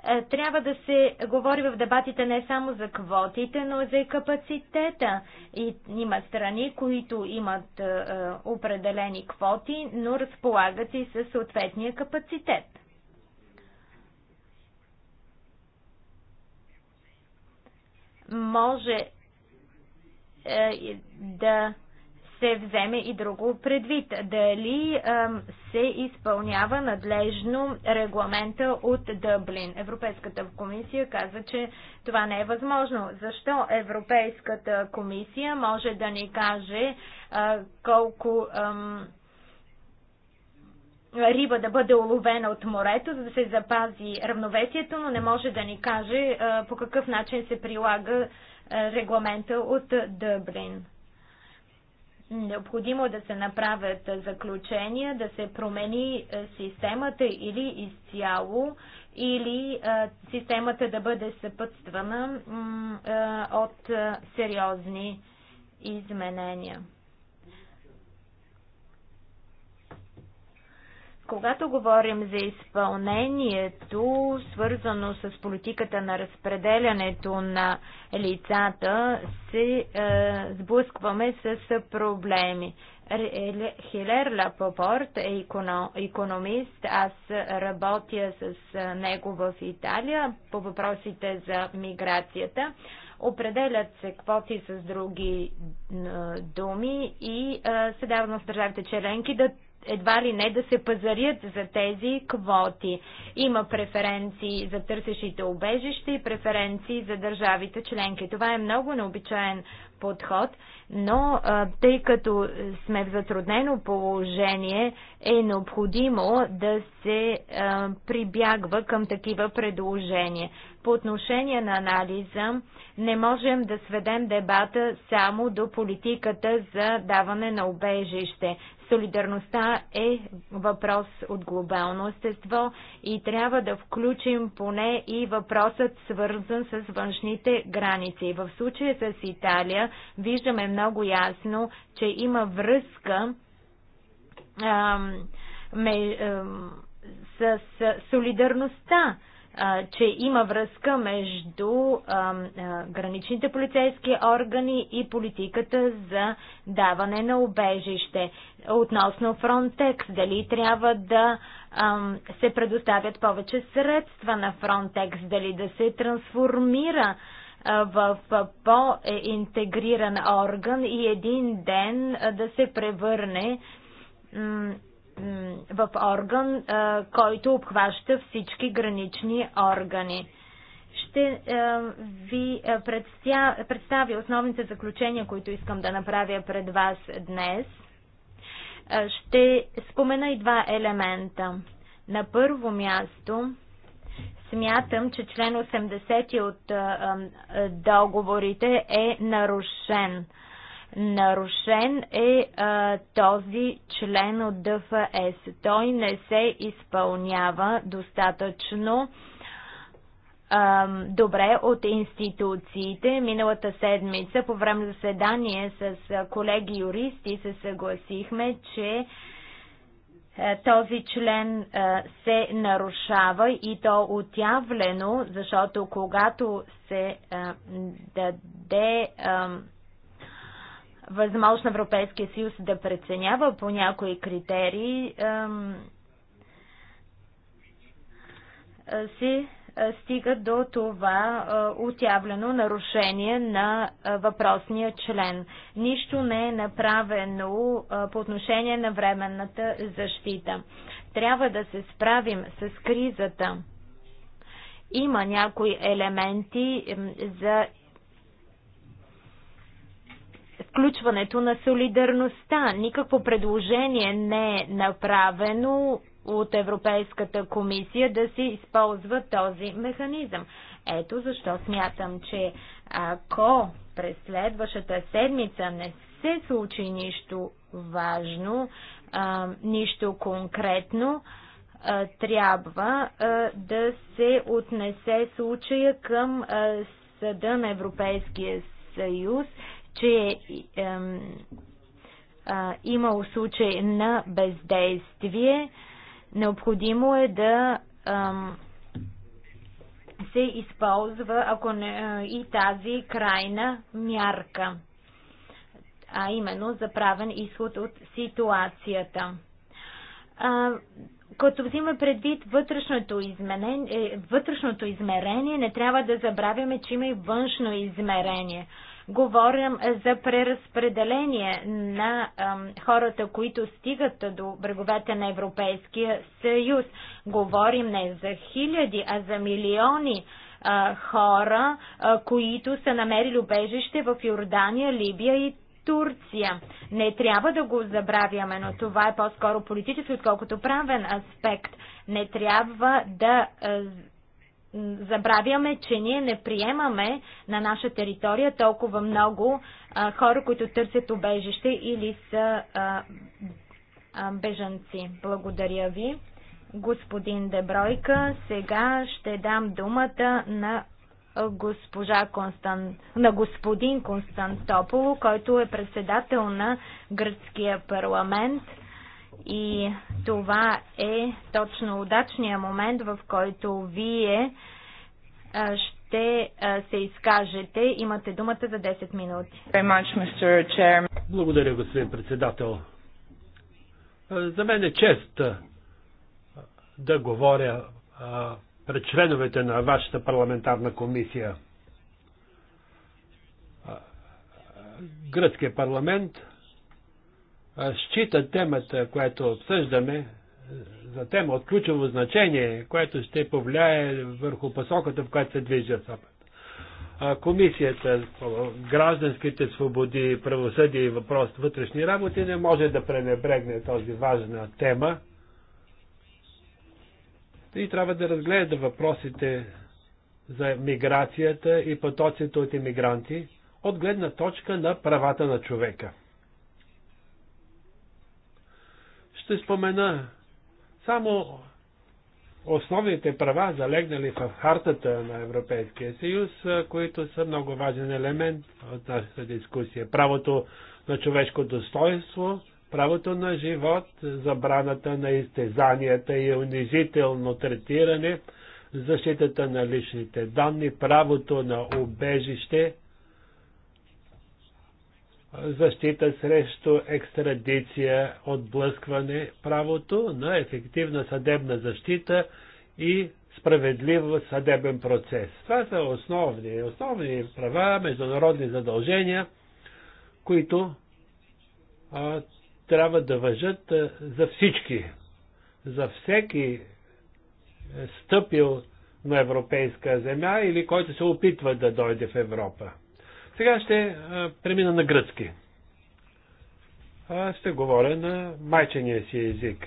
E: Е, трябва да се говори в дебатите не само за квотите, но и за капацитета. И има страни, които имат е, е, определени квоти, но разполагат и със съответния капацитет. Може е, да се вземе и друго предвид. Дали се изпълнява надлежно регламента от Дъблин. Европейската комисия каза, че това не е възможно. Защо Европейската комисия може да ни каже колко риба да бъде уловена от морето, за да се запази равновесието, но не може да ни каже по какъв начин се прилага регламента от Дъблин. Необходимо е да се направят заключения, да се промени системата или изцяло, или системата да бъде съпътствана от сериозни изменения. Когато говорим за изпълнението, свързано с политиката на разпределянето на лицата, се е, сблъскваме с проблеми. Хилер Лапопорт е економист. Аз работя с е, него в Италия по въпросите за миграцията. Определят се квоти с други е, думи и е, се дава на държавите членки да едва ли не да се пазарят за тези квоти. Има преференции за търсещите обежище и преференции за държавите членки. Това е много необичаен подход, но а, тъй като сме в затруднено положение, е необходимо да се а, прибягва към такива предложения. По отношение на анализа, не можем да сведем дебата само до политиката за даване на обежище. Солидарността е въпрос от глобално естество и трябва да включим поне и въпросът свързан с външните граници. В случая с Италия виждаме много ясно, че има връзка ам, ме, ам, с, с солидарността че има връзка между граничните полицейски органи и политиката за даване на обежище. Относно Фронтекс, дали трябва да се предоставят повече средства на Фронтекс, дали да се трансформира в по-интегриран орган и един ден да се превърне в орган, който обхваща всички гранични органи. Ще ви представя основните заключения, които искам да направя пред вас днес. Ще спомена и два елемента. На първо място смятам, че член 80 от договорите е нарушен Нарушен е а, този член от ДФС. Той не се изпълнява достатъчно а, добре от институциите. Миналата седмица по време на заседание с колеги юристи се съгласихме, че този член се нарушава и то отявлено, защото когато се даде възможно Европейския съюз да преценява по някои критерии, се стига до това отявлено нарушение на въпросния член. Нищо не е направено по отношение на временната защита. Трябва да се справим с кризата. Има някои елементи за включването на солидарността. Никакво предложение не е направено от Европейската комисия да се използва този механизъм. Ето защо смятам, че ако през следващата седмица не се случи нищо важно, а, нищо конкретно, а, трябва а, да се отнесе случая към а, Съда на Европейския съюз че е, е, имало случай на бездействие, необходимо е да е, се използва ако не, е, и тази крайна мярка, а именно за правен изход от ситуацията. като взима предвид вътрешното, изменение, вътрешното измерение, не трябва да забравяме, че има и външно измерение – Говорим за преразпределение на хората, които стигат до бреговете на Европейския съюз. Говорим не за хиляди, а за милиони хора, които са намерили убежище в Йордания, Либия и Турция. Не трябва да го забравяме, но това е по-скоро политически, отколкото правен аспект. Не трябва да забравяме, че ние не приемаме на наша територия толкова много а, хора, които търсят убежище или са а, а, бежанци. Благодаря ви, господин Дебройка. Сега ще дам думата на госпожа Констан... на господин Константополо, който е председател на гръцкия парламент. И това е точно удачния момент, в който вие ще се изкажете. Имате думата за 10 минути.
A: Благодаря, господин председател. За мен е чест да говоря пред членовете на вашата парламентарна комисия. Гръцкият парламент счита темата, която обсъждаме, е, за тема от ключово значение, което ще повлияе върху посоката, в която се движи Комисията по гражданските свободи, правосъдие и въпрос вътрешни работи не може да пренебрегне този важна тема и трябва да разгледа въпросите за миграцията и потоците от иммигранти от гледна точка на правата на човека. Ще спомена само основните права, залегнали в хартата на Европейския съюз, които са много важен елемент от нашата дискусия. Правото на човешко достоинство, правото на живот, забраната на изтезанията и унизително третиране, защитата на личните данни, правото на убежище, защита срещу екстрадиция, отблъскване, правото на ефективна съдебна защита и справедлив съдебен процес. Това са основни, основни права, международни задължения, които а, трябва да въжат а, за всички, за всеки е, стъпил на европейска земя или който се опитва да дойде в Европа. Сега ще премина на гръцки. Ще говоря на майчения си език.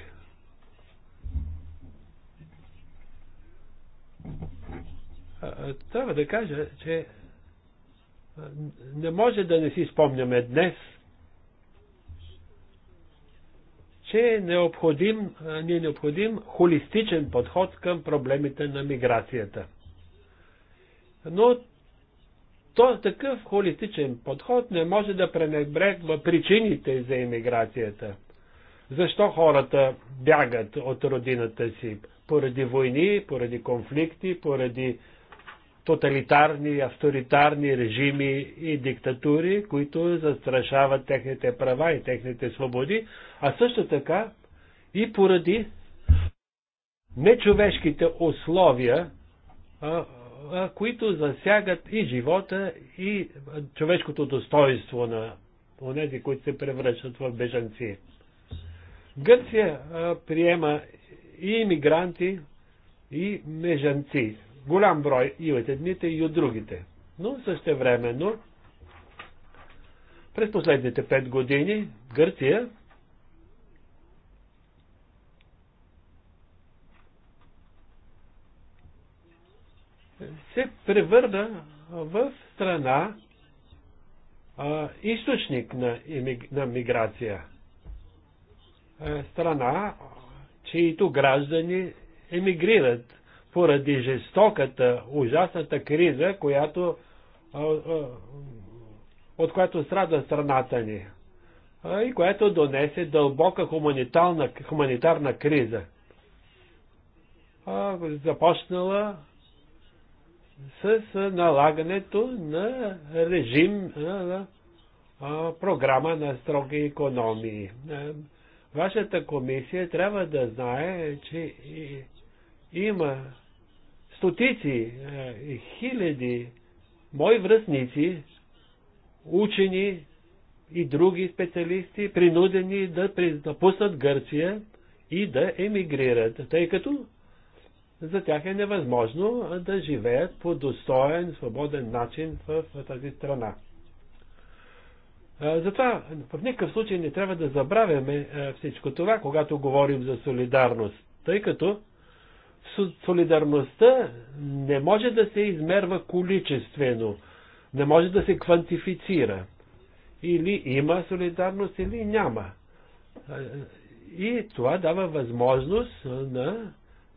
A: Трябва да кажа, че не може да не си спомняме днес, че е необходим, ни е необходим холистичен подход към проблемите на миграцията. Но то, е такъв холистичен подход не може да пренебрегва причините за иммиграцията. Защо хората бягат от родината си? Поради войни, поради конфликти, поради тоталитарни, авторитарни режими и диктатури, които застрашават техните права и техните свободи, а също така и поради нечовешките условия, които засягат и живота, и човешкото достоинство на онези, които се превръщат в бежанци. Гърция приема и иммигранти, и межанци. Голям брой и от едните, и от другите. Но също времено, през последните пет години, Гърция превърна в страна а, източник на, на миграция. Е, страна, чието граждани емигрират поради жестоката, ужасната криза, която, а, а, от която страда страната ни а, и която донесе дълбока хуманитарна криза. Започнала с налагането на режим, на програма на строги економии. Е, вашата комисия трябва да знае, че има стотици е, и хиляди мои връзници, учени и други специалисти, принудени да напуснат Гърция и да емигрират, тъй като за тях е невъзможно да живеят по достоен, свободен начин в, тази страна. Затова в никакъв случай не трябва да забравяме всичко това, когато говорим за солидарност, тъй като солидарността не може да се измерва количествено, не може да се квантифицира. Или има солидарност, или няма. И това дава възможност на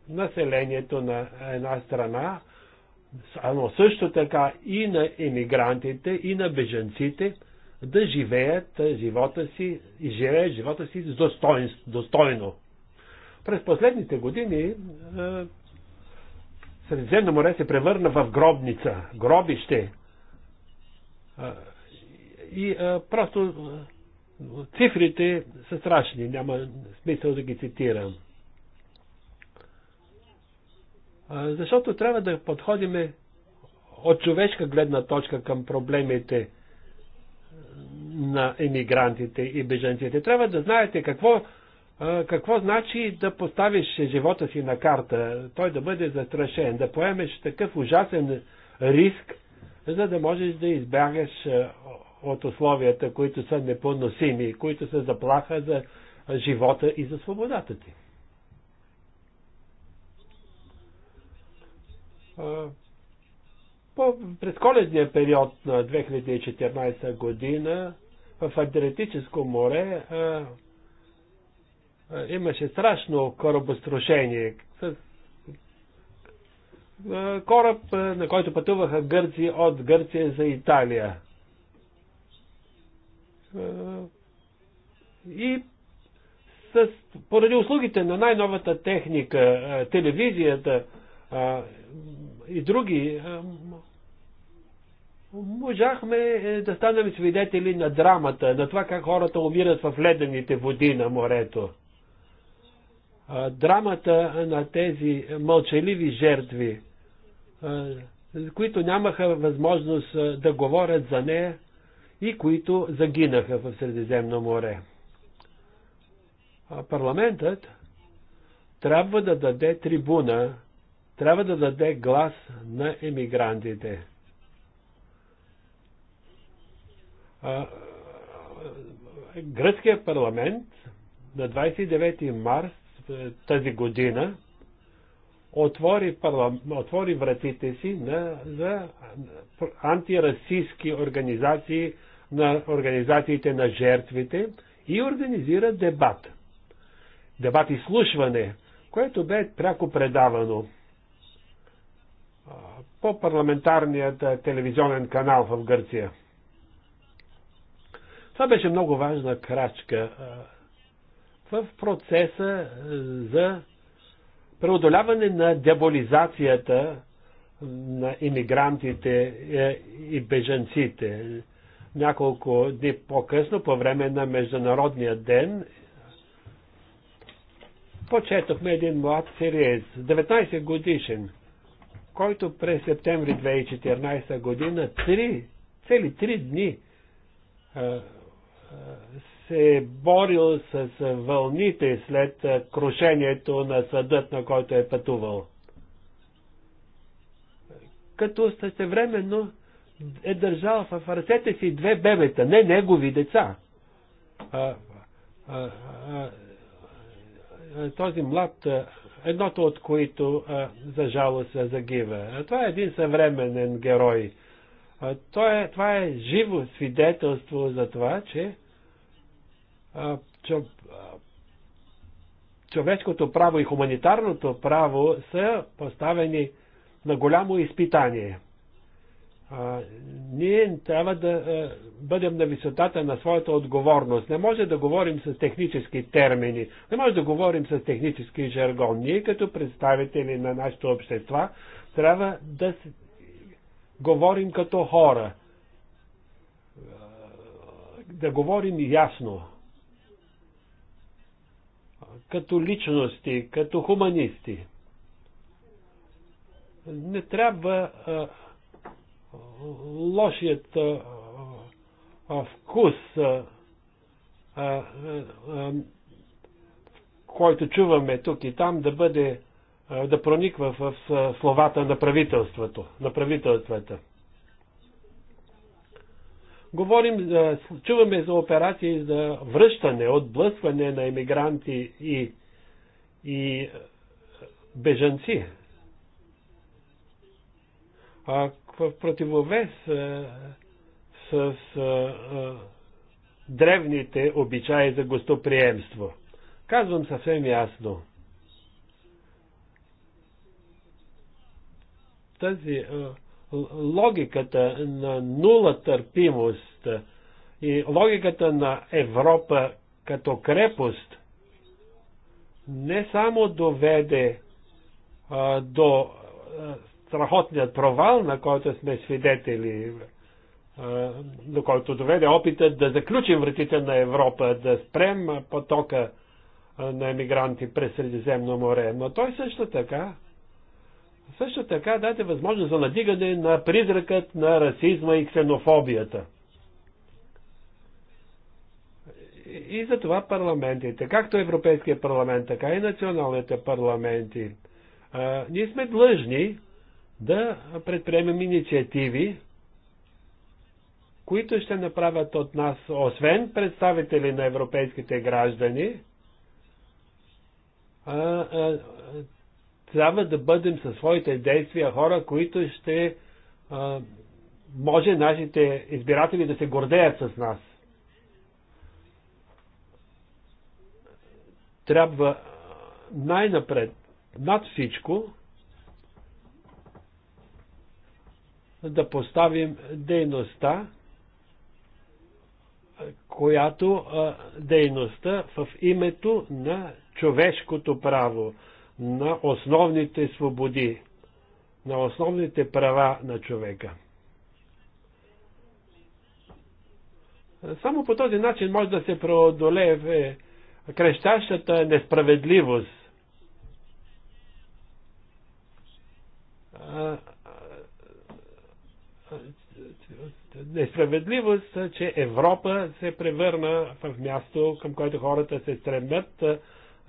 A: населението на една страна, но също така и на емигрантите, и на беженците да живеят живота си и живеят живота си достойно. достойно. През последните години е, Средиземно море се превърна в гробница, гробище. Е, и е, просто цифрите са страшни, няма смисъл да ги цитирам. Защото трябва да подходим от човешка гледна точка към проблемите на емигрантите и беженците. Трябва да знаете какво, какво значи да поставиш живота си на карта, той да бъде застрашен, да поемеш такъв ужасен риск, за да можеш да избягаш от условията, които са непоносими, които са заплаха за живота и за свободата ти. през коледния период на 2014 година в Адриатическо море а, а, имаше страшно корабострушение. С, а, кораб, на който пътуваха гърци от Гърция за Италия. А, и с, поради услугите на най-новата техника, а, телевизията, а, и други, можахме е, да станем свидетели на драмата, на това как хората умират в ледените води на морето. Драмата на тези мълчаливи жертви, които нямаха възможност да говорят за нея и които загинаха в Средиземно море. Парламентът трябва да даде трибуна трябва да даде глас на емигрантите. Гръцкият парламент на 29 марс тази година отвори, парламент, отвори вратите си на... за антирасистски организации, на организациите на жертвите и организира дебат. Дебат слушване, което бе пряко предавано по парламентарният е, телевизионен канал в Гърция. Това беше много важна крачка е, в процеса е, за преодоляване на деболизацията на иммигрантите и бежанците. Няколко дни по-късно, по време на Международния ден, почетохме един млад сириец, 19 годишен, който през септември 2014 година три, цели три дни се е борил с вълните след крушението на съдът, на който е пътувал. Като същевременно е държал в ръцете си две бебета, не негови деца. А, а, а, този млад едното от които, за жалост, загива. Това е един съвременен герой. Той е, това е живо свидетелство за това, че човешкото право и хуманитарното право са поставени на голямо изпитание а, ние трябва да а, бъдем на висотата на своята отговорност. Не може да говорим с технически термини, не може да говорим с технически жаргон. Ние като представители на нашите общества трябва да с... говорим като хора, да говорим ясно, като личности, като хуманисти. Не трябва а, лошият вкус, който чуваме тук и там, да бъде да прониква в словата на правителството, на правителствата. Говорим, чуваме за операции за връщане, отблъскване на емигранти и, и бежанци, в противовес е, с е, е, древните обичаи за гостоприемство. Казвам съвсем ясно. Тази логиката на нула търпимост и логиката на Европа като крепост не само доведе а, до страхотният провал, на който сме свидетели, е, до който доведе опитът да заключим вратите на Европа, да спрем потока е, на емигранти през Средиземно море. Но той също така, също така даде възможност за надигане на призракът на расизма и ксенофобията. И за това парламентите, както Европейския парламент, така и националните парламенти, е, ние сме длъжни да предприемем инициативи, които ще направят от нас, освен представители на европейските граждани, а, а, трябва да бъдем със своите действия хора, които ще а, може нашите избиратели да се гордеят с нас. Трябва най-напред, над всичко, да поставим дейността, която дейността в името на човешкото право, на основните свободи, на основните права на човека. Само по този начин може да се преодолее крещащата несправедливост. несправедливост, че Европа се превърна в място, към което хората се стремят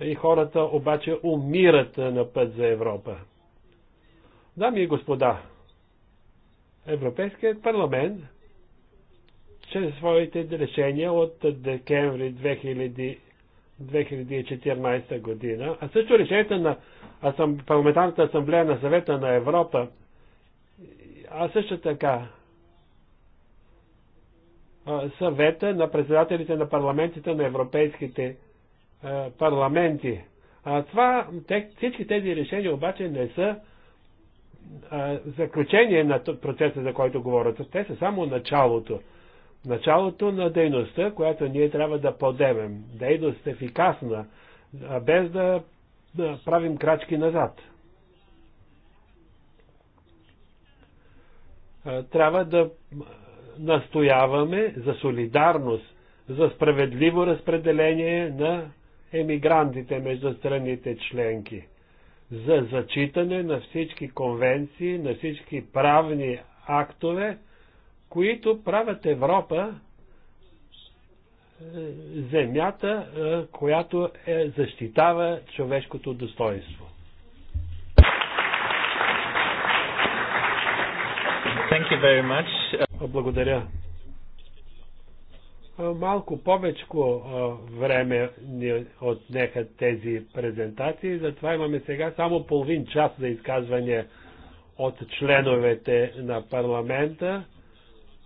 A: и хората обаче умират на път за Европа. Дами и господа, Европейският парламент чрез своите решения от декември 2000, 2014 година, а също решението на Парламентарната асамблея на съвета на Европа, а също така съвета на председателите на парламентите на европейските парламенти. А това, всички тези решения обаче не са заключение на процеса, за който говорят. Те са само началото. Началото на дейността, която ние трябва да подемем. Дейност ефикасна, без да правим крачки назад. Трябва да настояваме за солидарност, за справедливо разпределение на емигрантите между страните членки, за зачитане на всички конвенции, на всички правни актове, които правят Европа е, земята, е, която е, защитава човешкото достоинство. Thank you very much. Благодаря. Малко повече време ни отнеха тези презентации, затова имаме сега само половин час за изказване от членовете на парламента.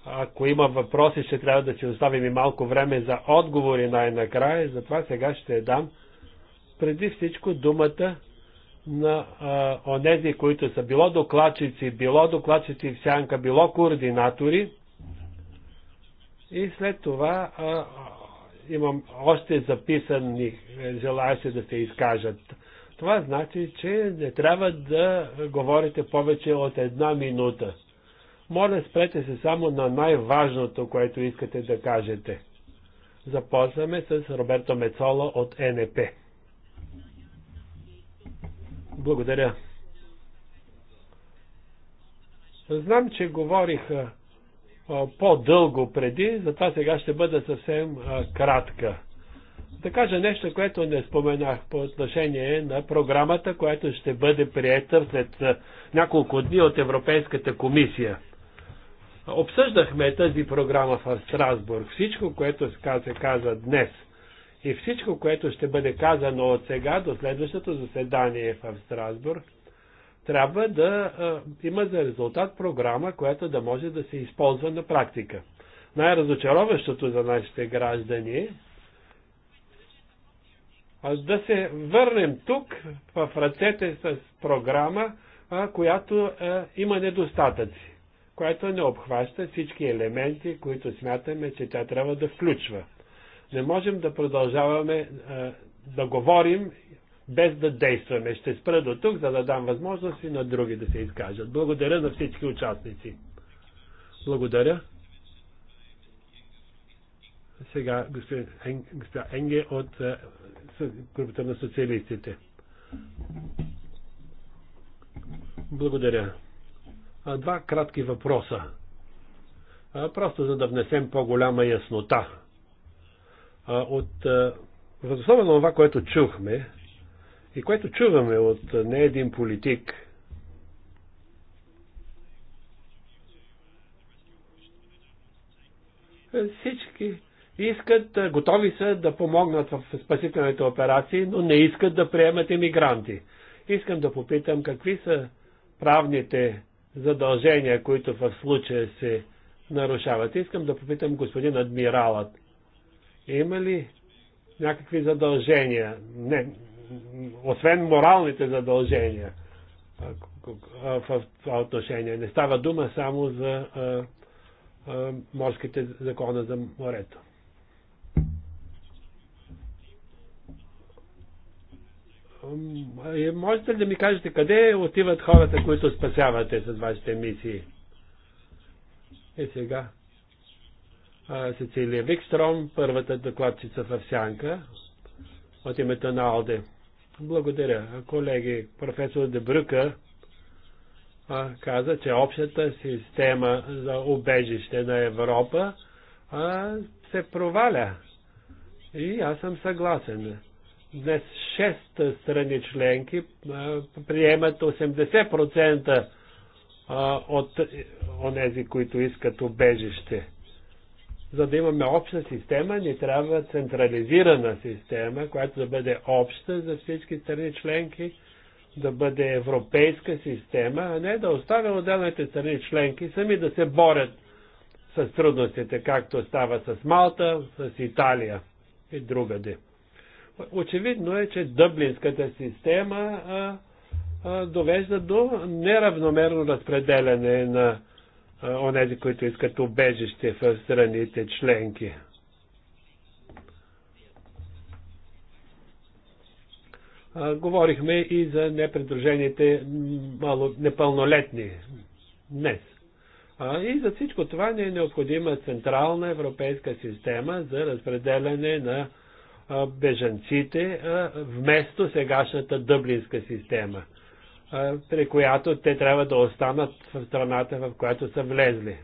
A: Ако има въпроси, ще трябва да си оставим и малко време за отговори най-накрая, затова сега ще дам преди всичко думата на а, онези, които са било докладчици, било докладчици в сянка, било координатори. И след това а, имам още записани желаящи да се изкажат. Това значи, че не трябва да говорите повече от една минута. Моля, спрете се само на най-важното, което искате да кажете. Започваме с Роберто Мецола от НП. Благодаря. Знам, че говорих по-дълго преди, затова сега ще бъда съвсем а, кратка. Да кажа нещо, което не споменах по отношение на програмата, която ще бъде приета след а, няколко дни от Европейската комисия. Обсъждахме тази програма в Страсбург. Всичко, което се каза днес – и всичко, което ще бъде казано от сега до следващото заседание в Страсбург, трябва да а, има за резултат програма, която да може да се използва на практика. Най-разочароващото за нашите граждани е да се върнем тук в ръцете с програма, а, която а, има недостатъци, която не обхваща всички елементи, които смятаме, че тя трябва да включва. Не можем да продължаваме е, да говорим без да действаме. Ще спра до тук, за да дам възможност и на други да се изкажат. Благодаря на всички участници. Благодаря. Сега господин Енге от е, групата на социалистите. Благодаря. Два кратки въпроса. Просто за да внесем по-голяма яснота от възоснова на това, което чухме и което чуваме от не един политик, е, всички искат, готови са да помогнат в спасителните операции, но не искат да приемат иммигранти. Искам да попитам какви са правните задължения, които в случая се нарушават. Искам да попитам господин адмиралът. Има ли някакви задължения? Не, освен моралните задължения в това отношение. Не става дума само за морските закона за морето. Можете ли да ми кажете къде отиват хората, които спасявате с вашите мисии? И сега Сецилия Викстром, първата докладчица в Сянка от името на Алде. Благодаря. Колеги, професор Дебрюка каза, че общата система за убежище на Европа а, се проваля. И аз съм съгласен. Днес 6 страни членки а, приемат 80% а, от онези, които искат убежище за да имаме обща система, ни трябва централизирана система, която да бъде обща за всички страни членки, да бъде европейска система, а не да оставя отделните страни членки сами да се борят с трудностите, както става с Малта, с Италия и другаде. Очевидно е, че дъблинската система а, а, довежда до неравномерно разпределяне на е, онези, които искат убежище в страните членки. Говорихме и за непредружените непълнолетни днес. И за всичко това ни е необходима централна европейска система за разпределяне на бежанците вместо сегашната дъблинска система – при която те трябва да останат в страната, в която са влезли.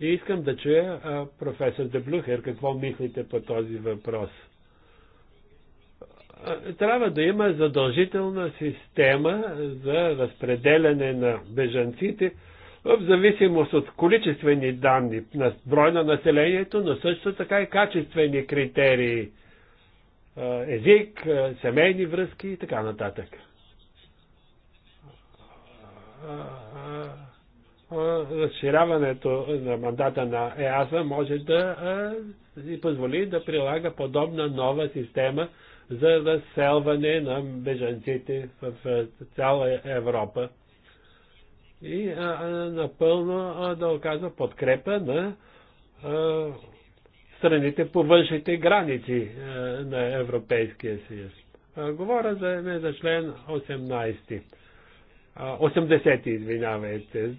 A: И искам да чуя професор Деблюхер, какво мислите по този въпрос. Трябва да има задължителна система за разпределяне на бежанците в зависимост от количествени данни на брой на населението, но също така и качествени критерии, език, семейни връзки и така нататък разширяването на мандата на ЕАСА може да си позволи да прилага подобна нова система за разселване на бежанците в цяла Европа и напълно да оказва подкрепа на страните по външните граници на Европейския съюз. Говоря за, не, за член 18. 80, извинявайте.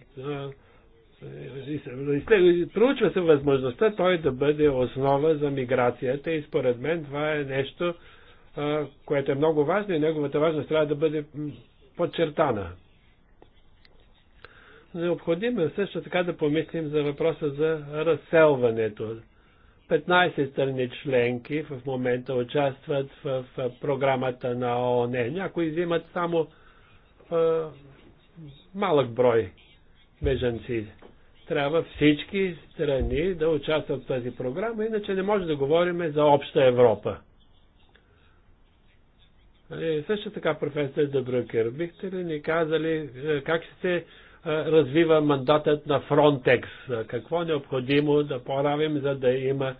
A: Проучва се възможността той да бъде основа за миграцията и според мен това е нещо, което е много важно и неговата важност трябва да бъде подчертана. Необходимо е също така да помислим за въпроса за разселването. 15 страни членки в момента участват в, в програмата на ООН. Някои взимат само малък брой бежанци. Трябва всички страни да участват в тази програма, иначе не може да говорим за обща Европа. Нали, също така, професор Дебрюкер, бихте ли ни казали е, как ще се е, развива мандатът на Frontex? Какво е необходимо да поравим, за да има е,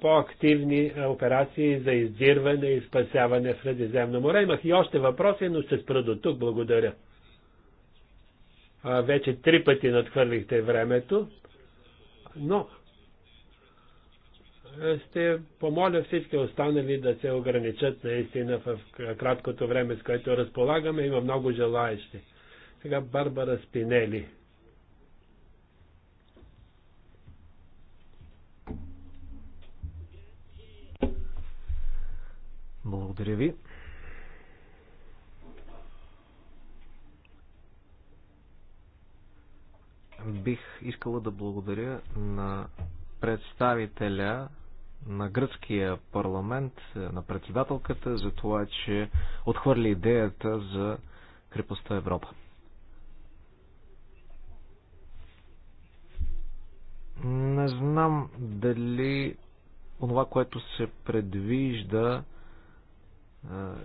A: по-активни операции за издирване и спасяване в Средиземно море? Имах и още въпроси, но ще спра до тук. Благодаря. А, вече три пъти надхвърлихте времето, но ще помоля всички останали да се ограничат наистина в краткото време, с което разполагаме. Има много желаещи. Сега Барбара Спинели.
B: Благодаря ви. Бих искала да благодаря на представителя на гръцкия парламент, на председателката, за това, че отхвърли идеята за крепостта Европа. Не знам дали това, което се предвижда,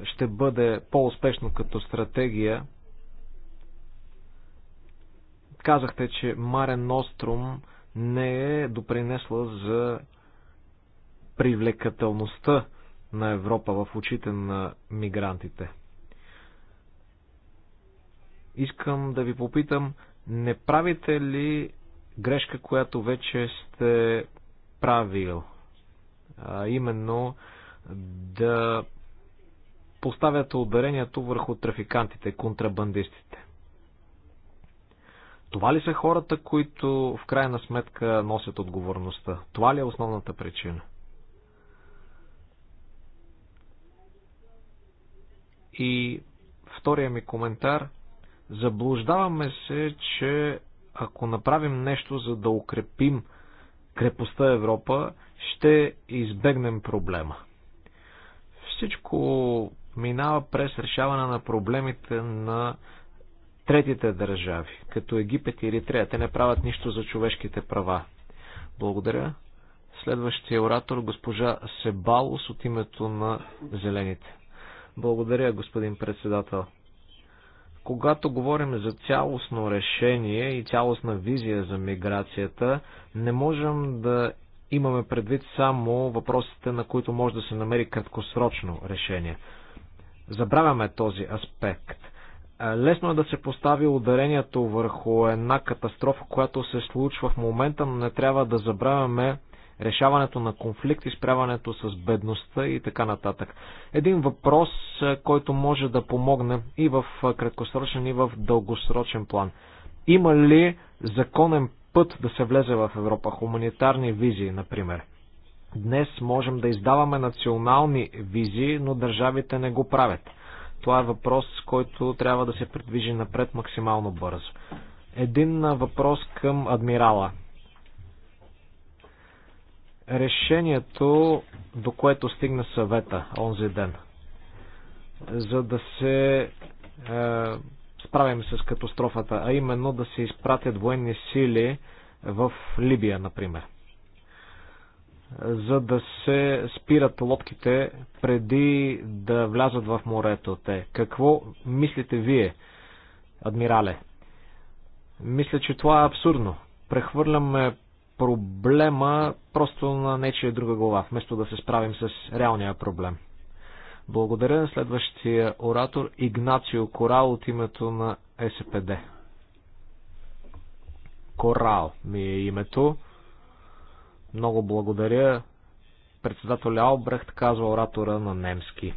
B: ще бъде по-успешно като стратегия Казахте, че Марен Ностром не е допринесла за привлекателността на Европа в очите на мигрантите. Искам да ви попитам, не правите ли грешка, която вече сте правил? А именно да поставяте ударението върху трафикантите, контрабандистите. Това ли са хората, които в крайна сметка носят отговорността? Това ли е основната причина? И втория ми коментар. Заблуждаваме се, че ако направим нещо за да укрепим крепостта Европа, ще избегнем проблема. Всичко минава през решаване на проблемите на третите държави, като Египет и Еритрея. Те не правят нищо за човешките права. Благодаря. Следващия оратор, госпожа Себалос от името на Зелените. Благодаря, господин председател. Когато говорим за цялостно решение и цялостна визия за миграцията, не можем да имаме предвид само въпросите, на които може да се намери краткосрочно решение. Забравяме този аспект – е, лесно е да се постави ударението върху една катастрофа, която се случва в момента, но не трябва да забравяме решаването на конфликт, изправянето с бедността и така нататък. Един въпрос, е, който може да помогне и в е, краткосрочен, и в дългосрочен план. Има ли законен път да се влезе в Европа? Хуманитарни визии, например. Днес можем да издаваме национални визии, но държавите не го правят. Това е въпрос, който трябва да се придвижи напред максимално бързо. Един въпрос към адмирала. Решението, до което стигна съвета онзи ден, за да се е, справим с катастрофата, а именно да се изпратят военни сили в Либия, например за да се спират лодките преди да влязат в морето те. Какво мислите вие, адмирале? Мисля, че това е абсурдно. Прехвърляме проблема просто на нечия друга глава, вместо да се справим с реалния проблем. Благодаря на следващия оратор Игнацио Корал от името на СПД. Корал ми е името. Много благодаря. Председател Албрехт казва оратора на немски.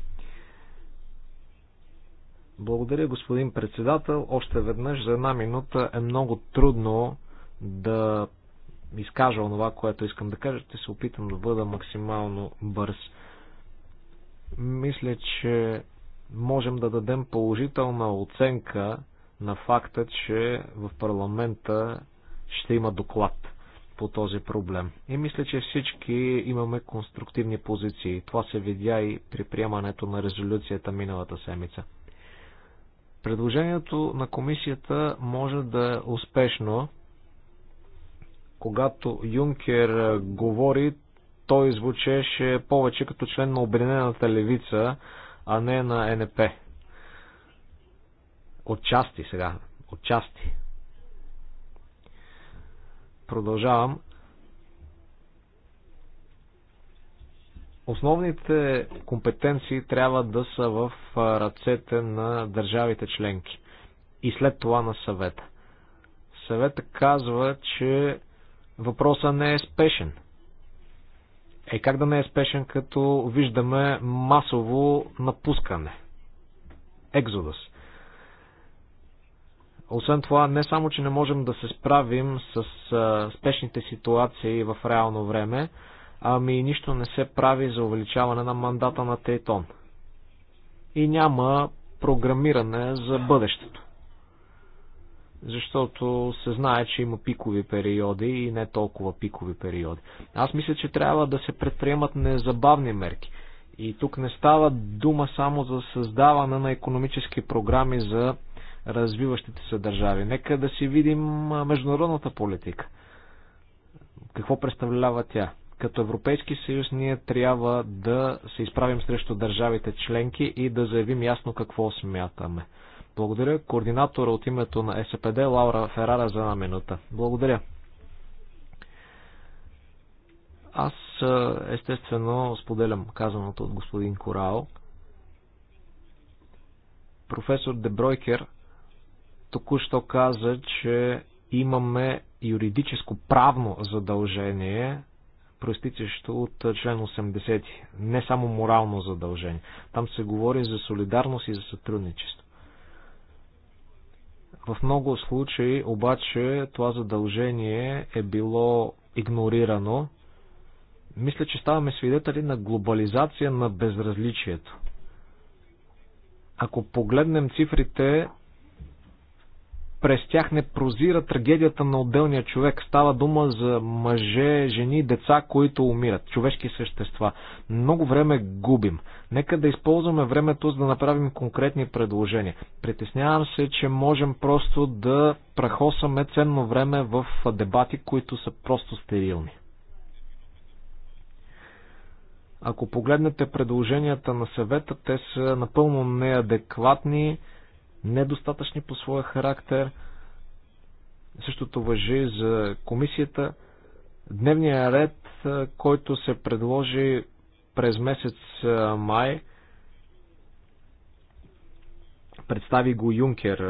B: Благодаря, господин председател. Още веднъж за една минута е много трудно да изкажа онова, което искам да кажа. Ще се опитам да бъда максимално бърз. Мисля, че можем да дадем положителна оценка на факта, че в парламента ще има доклад по този проблем. И мисля, че всички имаме конструктивни позиции. Това се видя и при приемането на резолюцията миналата седмица. Предложението на комисията може да е успешно. Когато Юнкер говори, той звучеше повече като член на Обединената левица, а не на НП. Отчасти сега. Отчасти. Продължавам. Основните компетенции трябва да са в ръцете на държавите членки и след това на съвета. Съвета казва, че въпросът не е спешен. Е как да не е спешен, като виждаме масово напускане? Екзодус. Освен това, не само, че не можем да се справим с спешните ситуации в реално време, ами нищо не се прави за увеличаване на мандата на Тейтон. И няма програмиране за бъдещето. Защото се знае, че има пикови периоди и не толкова пикови периоди. Аз мисля, че трябва да се предприемат незабавни мерки. И тук не става дума само за създаване на економически програми за развиващите се държави. Нека да си видим международната политика. Какво представлява тя? Като Европейски съюз ние трябва да се изправим срещу държавите членки и да заявим ясно какво смятаме. Благодаря координатора от името на СПД Лаура Ферара за една минута. Благодаря. Аз естествено споделям казаното от господин Корао. Професор Дебройкер току-що каза, че имаме юридическо правно задължение, проистичащо от е, член 80, не само морално задължение. Там се говори за солидарност и за сътрудничество. В много случаи обаче това задължение е било игнорирано. Мисля, че ставаме свидетели на глобализация на безразличието. Ако погледнем цифрите, през тях не прозира трагедията на отделния човек. Става дума за мъже, жени, деца, които умират, човешки същества. Много време губим. Нека да използваме времето, за да направим конкретни предложения. Притеснявам се, че можем просто да прахосаме ценно време в дебати, които са просто стерилни. Ако погледнете предложенията на съвета, те са напълно неадекватни недостатъчни по своя характер. Същото въжи за комисията. Дневният ред, който се предложи през месец май, представи го Юнкер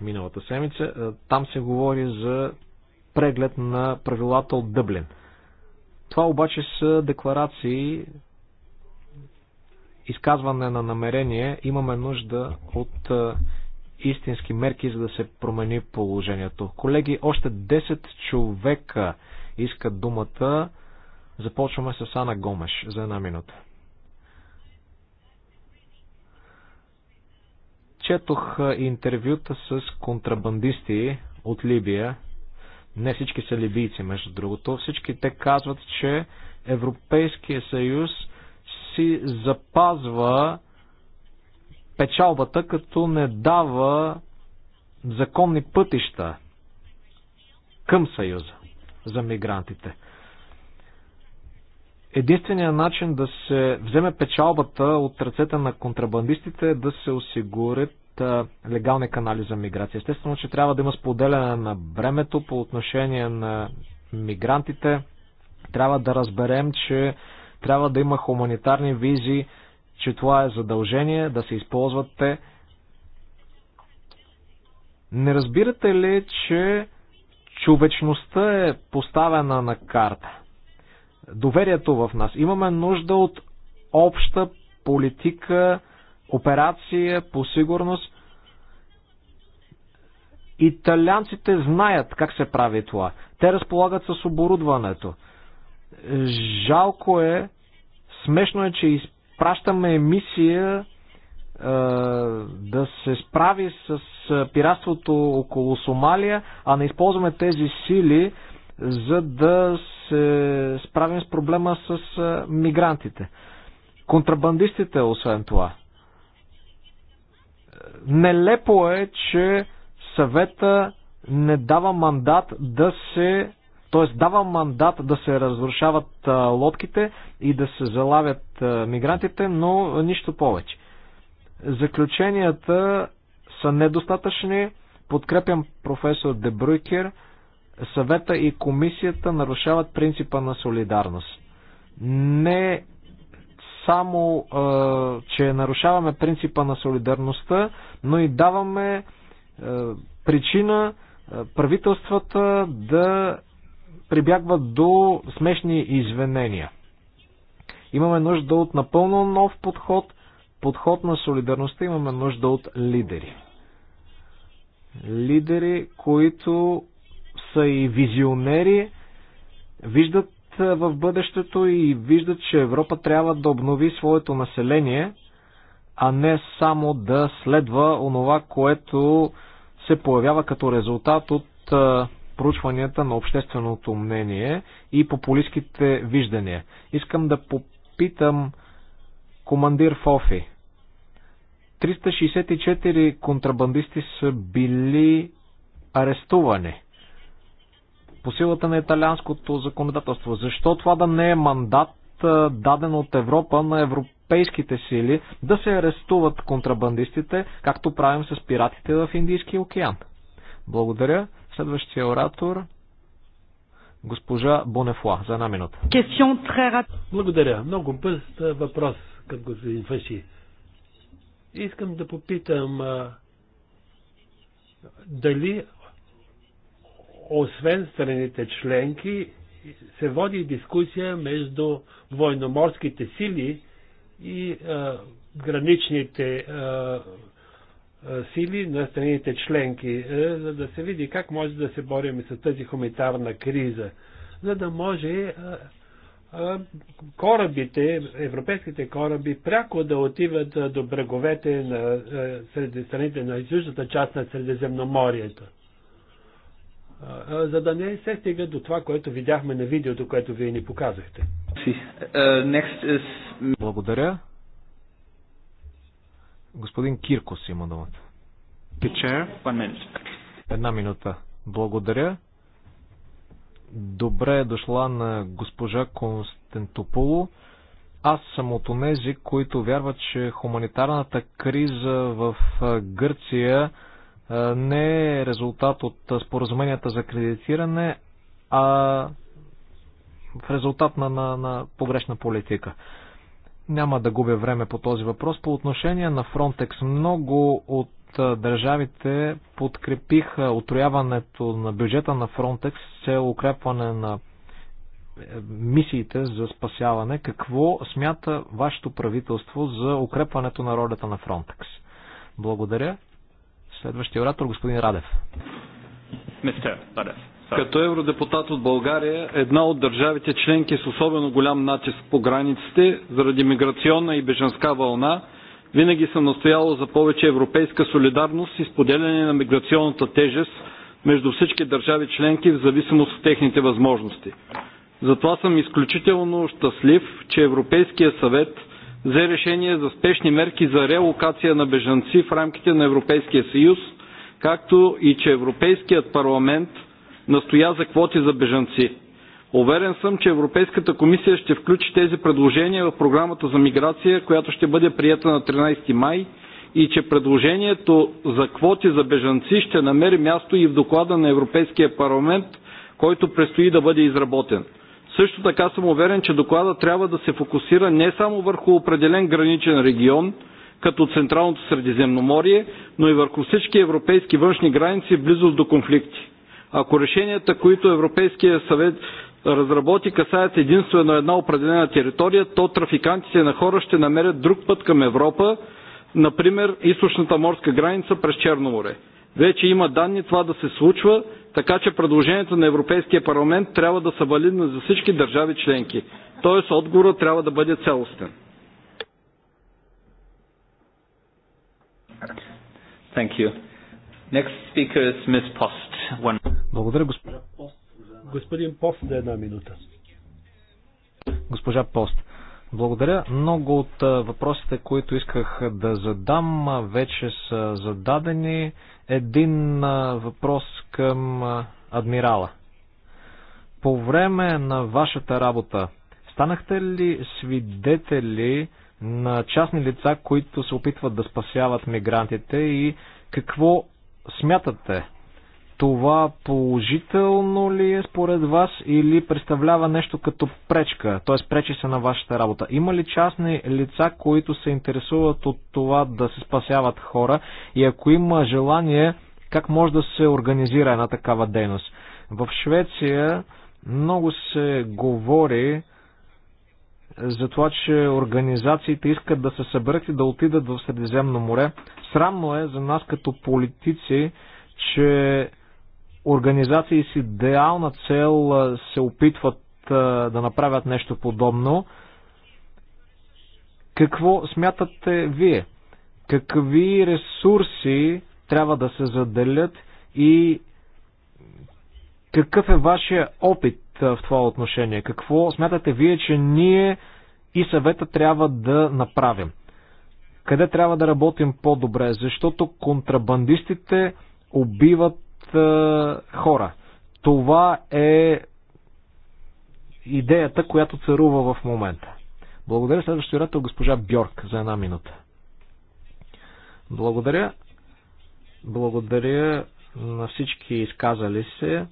B: миналата седмица. Там се говори за преглед на правилата от Дъблин. Това обаче са декларации, изказване на намерение. Имаме нужда от истински мерки, за да се промени положението. Колеги, още 10 човека искат думата. Започваме с Ана Гомеш за една минута. Четох интервюта с контрабандисти от Либия. Не всички са либийци, между другото. Всички те казват, че Европейския съюз си запазва печалбата, като не дава законни пътища към Съюза за мигрантите. Единственият начин да се вземе печалбата от ръцете на контрабандистите е да се осигурят легални канали за миграция. Естествено, че трябва да има споделяне на бремето по отношение на мигрантите. Трябва да разберем, че трябва да има хуманитарни визи, че това е задължение да се използват те. Не разбирате ли, че човечността е поставена на карта? Доверието в нас. Имаме нужда от обща политика, операция по сигурност. Италианците знаят как се прави това. Те разполагат с оборудването. Жалко е, смешно е, че изпитват пращаме мисия е, да се справи с е, пиратството около Сомалия, а не използваме тези сили, за да се справим с проблема с е, мигрантите. Контрабандистите, освен това. Нелепо е, че съвета не дава мандат да се т.е. дава мандат да се разрушават лодките и да се залавят мигрантите, но нищо повече. Заключенията са недостатъчни. Подкрепям професор Дебруйкер. Съвета и комисията нарушават принципа на солидарност. Не само, че нарушаваме принципа на солидарността, но и даваме причина правителствата да прибягват до смешни извинения. Имаме нужда от напълно нов подход, подход на солидарността, имаме нужда от лидери. Лидери, които са и визионери, виждат в бъдещето и виждат, че Европа трябва да обнови своето население, а не само да следва онова, което се появява като резултат от проучванията на общественото мнение и популистските виждания. Искам да попитам командир Фофи. 364 контрабандисти са били арестувани по силата на италианското законодателство. Защо това да не е мандат даден от Европа на европейските сили да се арестуват контрабандистите, както правим с пиратите в Индийския океан? Благодаря. Следващия оратор госпожа Бонефла за една минута.
A: Благодаря. Много бърз въпрос към господин Фаши. Искам да попитам а, дали освен страните членки се води дискусия между военноморските сили и а, граничните а, сили на страните членки, за да се види как може да се борим с тази хуманитарна криза, за да може корабите, европейските кораби пряко да отиват до бреговете на страните на южната част на Средиземноморието. За да не се стига до това, което видяхме на видеото, което вие ни показахте. Е, е, Благодаря.
B: Господин Киркос има думата. Една минута. Благодаря. Добре е дошла на госпожа Константополо. Аз съм от онези, които вярват, че хуманитарната криза в Гърция не е резултат от споразуменията за кредитиране, а в резултат на, на, на погрешна политика. Няма да губя време по този въпрос. По отношение на Frontex, много от държавите подкрепиха отрояването на бюджета на Frontex с цел укрепване на е, мисиите за спасяване. Какво смята вашето правителство за укрепването на ролята на Frontex? Благодаря. Следващия оратор, господин Радев.
D: Мистер Радев. Като евродепутат от България, една от държавите членки с особено голям натиск по границите, заради миграционна и беженска вълна, винаги съм настояла за повече европейска солидарност и споделяне на миграционната тежест между всички държави членки в зависимост от техните възможности. Затова съм изключително щастлив, че Европейския съвет взе решение за спешни мерки за релокация на бежанци в рамките на Европейския съюз, както и че Европейският парламент – настоя за квоти за бежанци. Уверен съм, че Европейската комисия ще включи тези предложения в програмата за миграция, която ще бъде прията на 13 май и че предложението за квоти за бежанци ще намери място и в доклада на Европейския парламент, който предстои да бъде изработен. Също така съм уверен, че доклада трябва да се фокусира не само върху определен граничен регион, като Централното Средиземноморие, но и върху всички европейски външни граници в близост до конфликти. Ако решенията, които Европейския съвет разработи, касаят единствено една определена територия, то трафикантите на хора ще намерят друг път към Европа, например източната морска граница през Черно море. Вече има данни това да се случва, така че предложението на Европейския парламент трябва да са валидно за всички държави членки. Тоест отговорът трябва да бъде целостен. Thank you.
A: Next speaker is Ms. Post. Благодаря, Господин Пост за една минута.
B: Госпожа Пост. Благодаря. Много от въпросите, които исках да задам, вече са зададени. Един въпрос към адмирала. По време на вашата работа, станахте ли свидетели на частни лица, които се опитват да спасяват мигрантите и какво смятате това положително ли е според вас или представлява нещо като пречка, т.е. пречи се на вашата работа? Има ли частни лица, които се интересуват от това да се спасяват хора и ако има желание, как може да се организира една такава дейност? В Швеция много се говори за това, че организациите искат да се съберат и да отидат в Средиземно море. Срамно е за нас като политици, че организации с идеална цел се опитват да направят нещо подобно. Какво смятате вие? Какви ресурси трябва да се заделят и какъв е вашия опит в това отношение? Какво смятате вие, че ние и съвета трябва да направим? Къде трябва да работим по-добре? Защото контрабандистите убиват е, хора. Това е идеята, която царува в момента. Благодаря следващия оратор госпожа Бьорк за една минута. Благодаря. Благодаря на всички изказали се.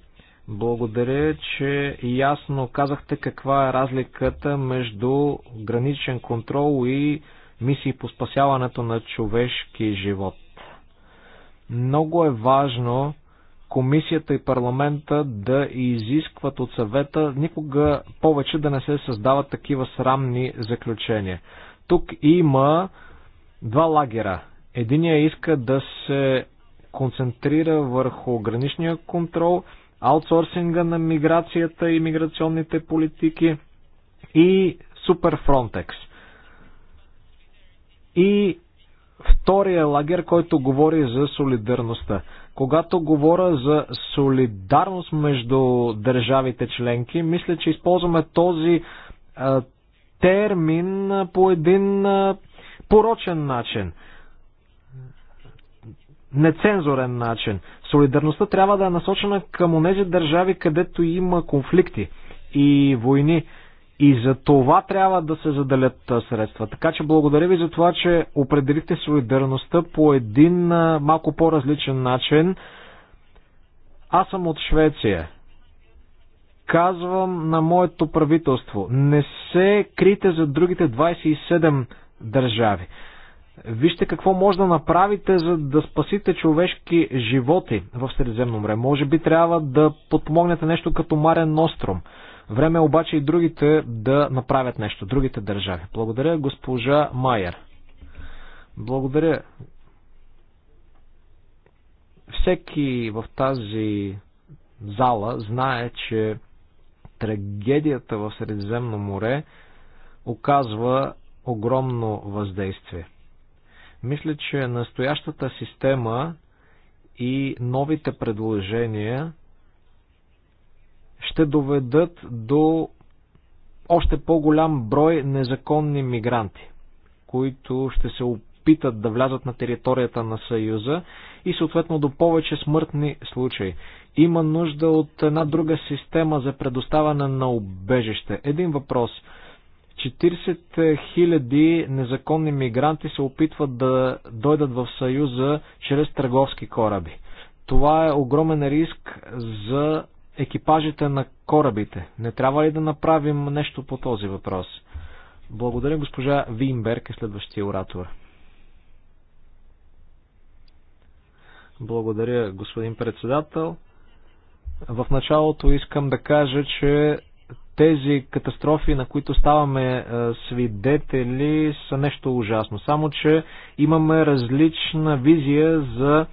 B: Благодаря, че ясно казахте каква е разликата между граничен контрол и мисии по спасяването на човешки живот. Много е важно комисията и парламента да изискват от съвета никога повече да не се създават такива срамни заключения. Тук има два лагера. Единия иска да се концентрира върху граничния контрол, аутсорсинга на миграцията и миграционните политики и Супер Фронтекс. И втория лагер, който говори за солидарността. Когато говоря за солидарност между държавите членки, мисля, че използваме този а, термин по един а, порочен начин нецензурен начин. Солидарността трябва да е насочена към онези държави, където има конфликти и войни. И за това трябва да се заделят средства. Така че благодаря ви за това, че определихте солидарността по един малко по-различен начин. Аз съм от Швеция. Казвам на моето правителство, не се крите за другите 27 държави. Вижте какво може да направите, за да спасите човешки животи в Средиземно море. Може би трябва да подпомогнете нещо като Марен Ностром. Време е обаче и другите да направят нещо, другите държави. Благодаря, госпожа Майер. Благодаря. Всеки в тази зала знае, че трагедията в Средиземно море оказва огромно въздействие. Мисля, че настоящата система и новите предложения ще доведат до още по-голям брой незаконни мигранти, които ще се опитат да влязат на територията на Съюза и съответно до повече смъртни случаи. Има нужда от една друга система за предоставяне на обежище. Един въпрос. 40 000 незаконни мигранти се опитват да дойдат в Съюза чрез търговски кораби. Това е огромен риск за екипажите на корабите. Не трябва ли да направим нещо по този въпрос? Благодаря, госпожа Винберг е следващия оратор. Благодаря, господин председател. В началото искам да кажа, че тези катастрофи, на които ставаме е, свидетели, са нещо ужасно. Само, че имаме различна визия за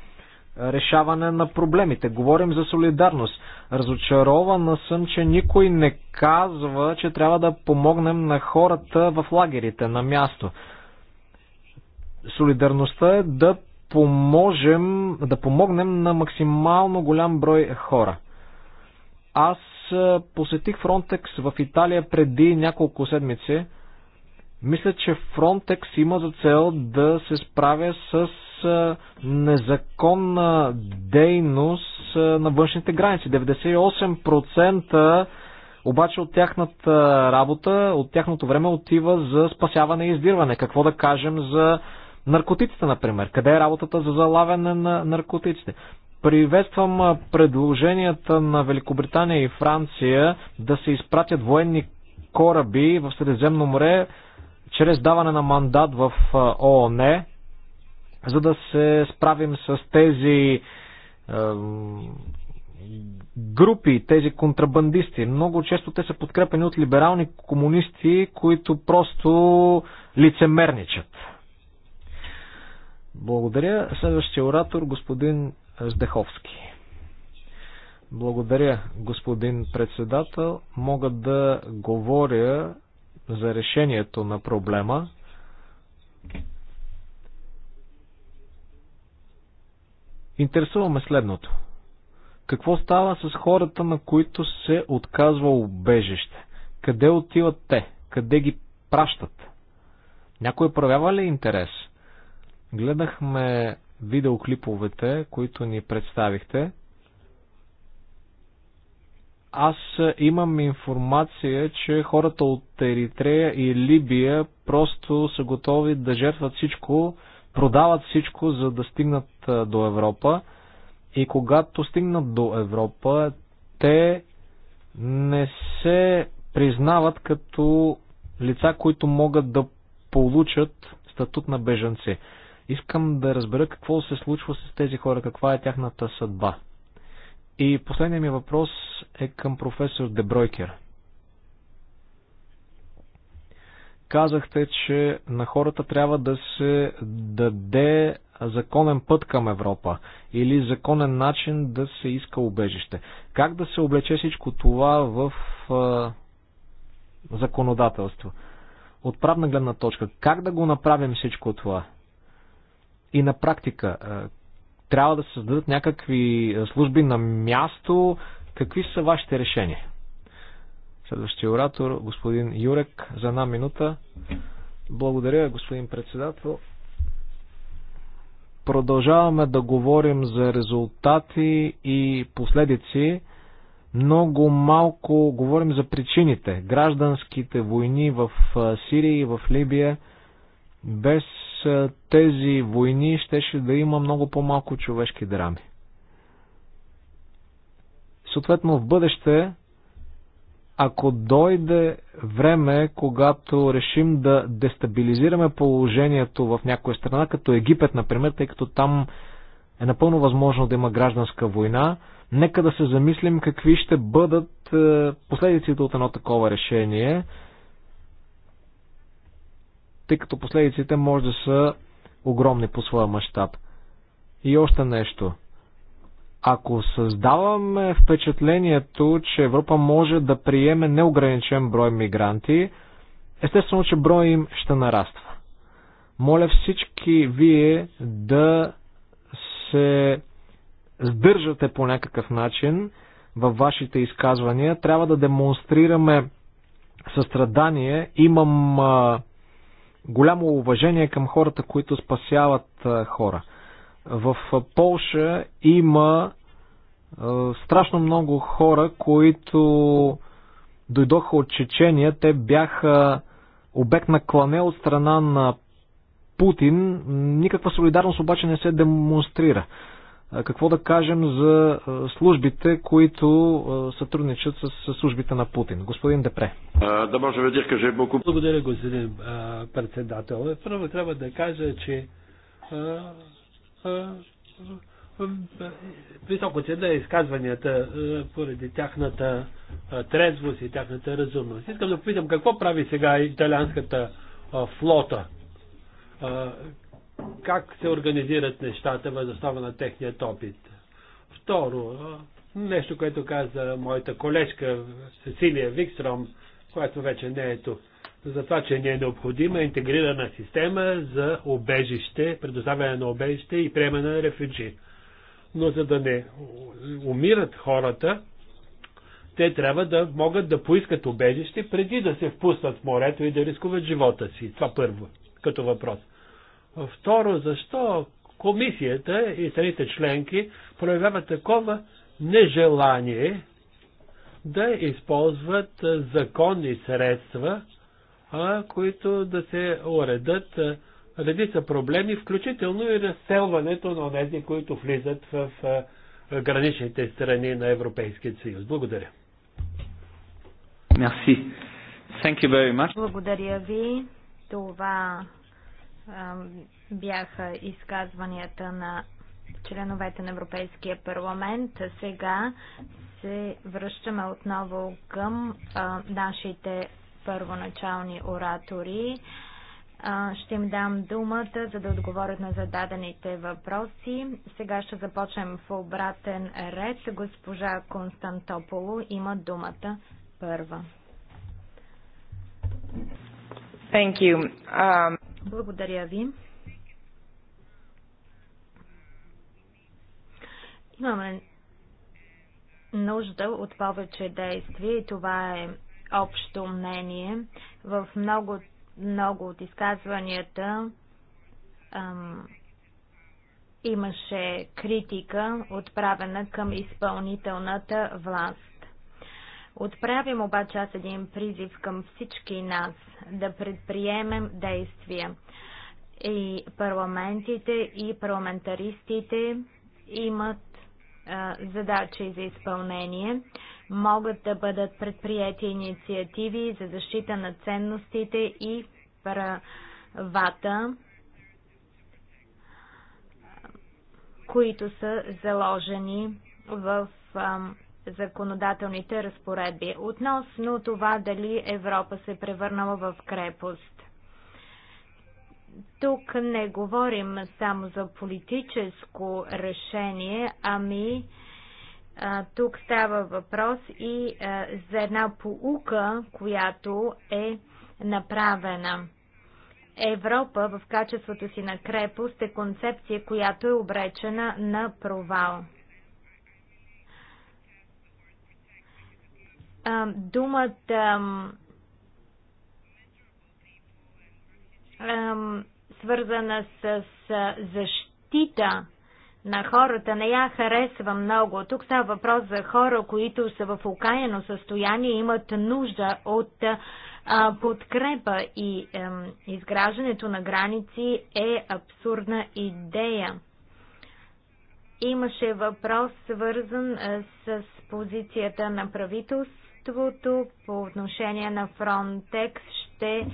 B: решаване на проблемите. Говорим за солидарност. Разочарована съм, че никой не казва, че трябва да помогнем на хората в лагерите, на място. Солидарността е да поможем, да помогнем на максимално голям брой хора. Аз посетих Фронтекс в Италия преди няколко седмици. Мисля, че Frontex има за цел да се справя с незаконна дейност на външните граници. 98% обаче от тяхната работа, от тяхното време отива за спасяване и издирване. Какво да кажем за наркотиците, например? Къде е работата за залавяне на наркотиците? Приветствам предложенията на Великобритания и Франция да се изпратят военни кораби в Средиземно море чрез даване на мандат в ООН, за да се справим с тези групи, тези контрабандисти. Много често те са подкрепени от либерални комунисти, които просто лицемерничат. Благодаря. Следващия оратор, господин Здеховски. Благодаря, господин председател. Мога да говоря за решението на проблема. Интересуваме следното. Какво става с хората, на които се отказва убежище? Къде отиват те? Къде ги пращат? Някой проявява ли интерес? Гледахме видеоклиповете, които ни представихте. Аз имам информация, че хората от Еритрея и Либия просто са готови да жертват всичко, продават всичко, за да стигнат до Европа. И когато стигнат до Европа, те не се признават като лица, които могат да получат статут на бежанци. Искам да разбера какво се случва с тези хора, каква е тяхната съдба. И последният ми въпрос е към професор Дебройкер. Казахте, че на хората трябва да се даде законен път към Европа или законен начин да се иска убежище. Как да се облече всичко това в законодателство? От правна гледна точка, как да го направим всичко това? И на практика, трябва да се създадат някакви е, служби на място. Какви са вашите решения? Следващия оратор, господин Юрек, за една минута. Благодаря, господин председател. Продължаваме да говорим за резултати и последици. Много малко говорим за причините. Гражданските войни в е, Сирия и в Либия без е, тези войни щеше да има много по-малко човешки драми. Съответно в бъдеще, ако дойде време, когато решим да дестабилизираме положението в някоя страна, като Египет, например, тъй като там е напълно възможно да има гражданска война, нека да се замислим какви ще бъдат е, последиците от едно такова решение – тъй като последиците може да са огромни по своя мащаб. И още нещо. Ако създаваме впечатлението, че Европа може да приеме неограничен брой мигранти, естествено, че брой им ще нараства. Моля всички вие да се сдържате по някакъв начин във вашите изказвания. Трябва да демонстрираме състрадание. Имам а, голямо уважение към хората, които спасяват хора. В Полша има страшно много хора, които дойдоха от Чечения. Те бяха обект на клане от страна на Путин. Никаква солидарност обаче не се демонстрира. Какво да кажем за службите, които сътрудничат с службите на Путин? Господин
D: Депре.
A: Да може да дирка, че е Благодаря, господин председател. Първо трябва да кажа, че високо да изказванията поради тяхната трезвост и тяхната разумност. Искам да попитам какво прави сега италианската флота как се организират нещата въз основа на техният опит. Второ, нещо, което каза моята колежка Сесилия Викстром, която вече не е тук, за това, че ни е необходима интегрирана система за обежище, предоставяне на обежище и приемане на рефюджи. Но за да не умират хората, те трябва да могат да поискат обежище преди да се впуснат в морето и да рискуват живота си. Това първо, като въпрос – Второ, защо комисията и страните членки проявяват такова нежелание да използват законни средства, а, които да се уредат редица проблеми, включително и разселването на тези, които влизат в граничните страни на Европейския съюз. Благодаря. Merci. Thank you very much.
E: Благодаря ви. Това бяха изказванията на членовете на Европейския парламент. Сега се връщаме отново към а, нашите първоначални оратори. А, ще им дам думата, за да отговорят на зададените въпроси. Сега ще започнем в обратен ред. Госпожа Константополо има думата първа. Thank you. Um... Благодаря ви. Имаме нужда от повече действие и това е общо мнение. В много, много от изказванията ам, имаше критика, отправена към изпълнителната власт. Отправим обаче аз един призив към всички нас да предприемем действия. И парламентите, и парламентаристите имат а, задачи за изпълнение. Могат да бъдат предприяти инициативи за защита на ценностите и правата, които са заложени в. А, законодателните разпоредби. Относно това дали Европа се е превърнала в крепост. Тук не говорим само за политическо решение, ами а, тук става въпрос и а, за една поука, която е направена. Европа в качеството си на крепост е концепция, която е обречена на провал. думата свързана с защита на хората не я харесва много. Тук става въпрос за хора, които са в окаяно състояние, имат нужда от подкрепа и изграждането на граници е абсурдна идея. Имаше въпрос свързан с позицията на правителство правителството по отношение на Frontex ще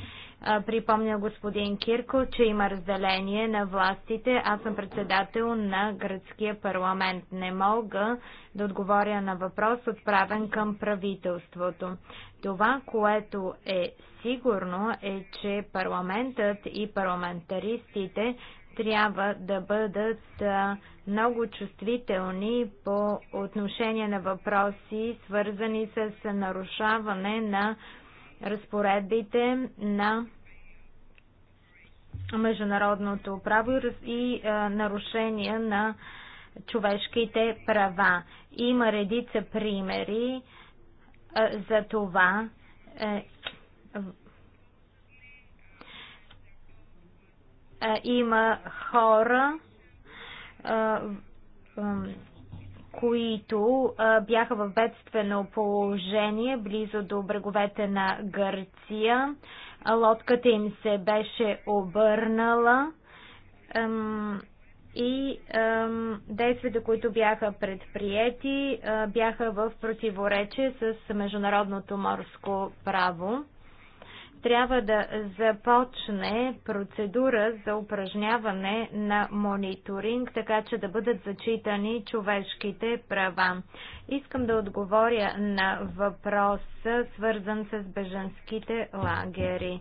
E: припомня господин Кирко, че има разделение на властите. Аз съм председател на гръцкия парламент. Не мога да отговоря на въпрос, отправен към правителството. Това, което е сигурно, е, че парламентът и парламентаристите трябва да бъдат много чувствителни по отношение на въпроси, свързани с нарушаване на разпоредбите на международното право и нарушения на човешките права. Има редица примери за това е, има хора, които бяха в бедствено положение близо до бреговете на Гърция. Лодката им се беше обърнала и действията, които бяха предприяти, бяха в противоречие с международното морско право трябва да започне процедура за упражняване на мониторинг, така че да бъдат зачитани човешките права. Искам да отговоря на въпроса, свързан с беженските лагери.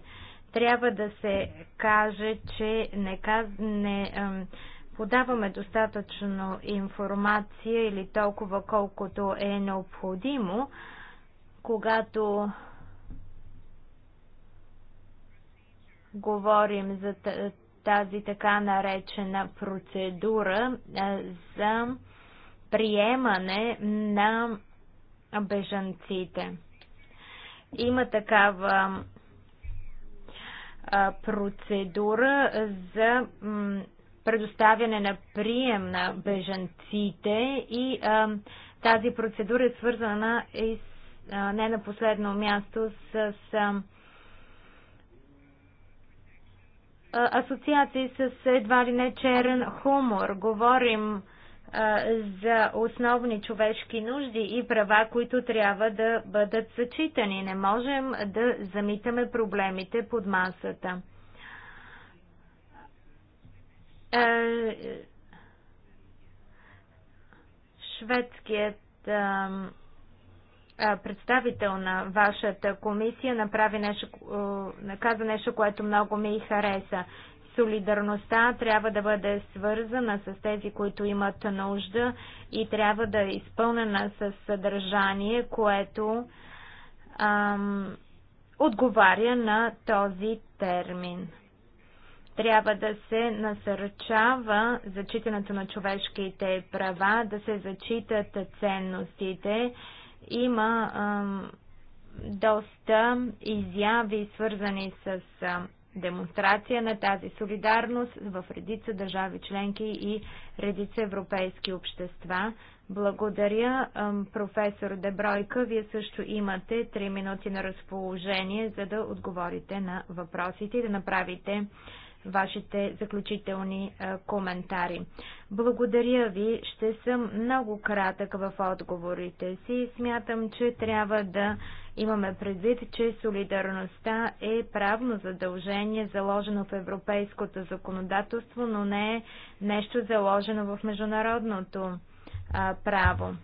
E: Трябва да се каже, че не, каз... не подаваме достатъчно информация или толкова колкото е необходимо, когато говорим за тази така наречена процедура за приемане на бежанците. Има такава процедура за предоставяне на прием на бежанците и а, тази процедура е свързана и с, а, не на последно място с, с а, асоциации с едва ли не черен хумор. Говорим за основни човешки нужди и права, които трябва да бъдат зачитани. Не можем да замитаме проблемите под масата. Шведският представител на вашата комисия направи нещо, каза нещо, което много ми хареса. Солидарността трябва да бъде свързана с тези, които имат нужда и трябва да е изпълнена с съдържание, което ам, отговаря на този термин. Трябва да се насърчава зачитането на човешките права, да се зачитат ценностите, има доста изяви, свързани с демонстрация на тази солидарност в редица държави членки и редица европейски общества. Благодаря, професор Дебройка. Вие също имате 3 минути на разположение, за да отговорите на въпросите и да направите вашите заключителни коментари. Благодаря ви. Ще съм много кратък в отговорите си. Смятам, че трябва да имаме предвид, че солидарността е правно задължение, заложено в европейското законодателство, но не е нещо заложено в международното право.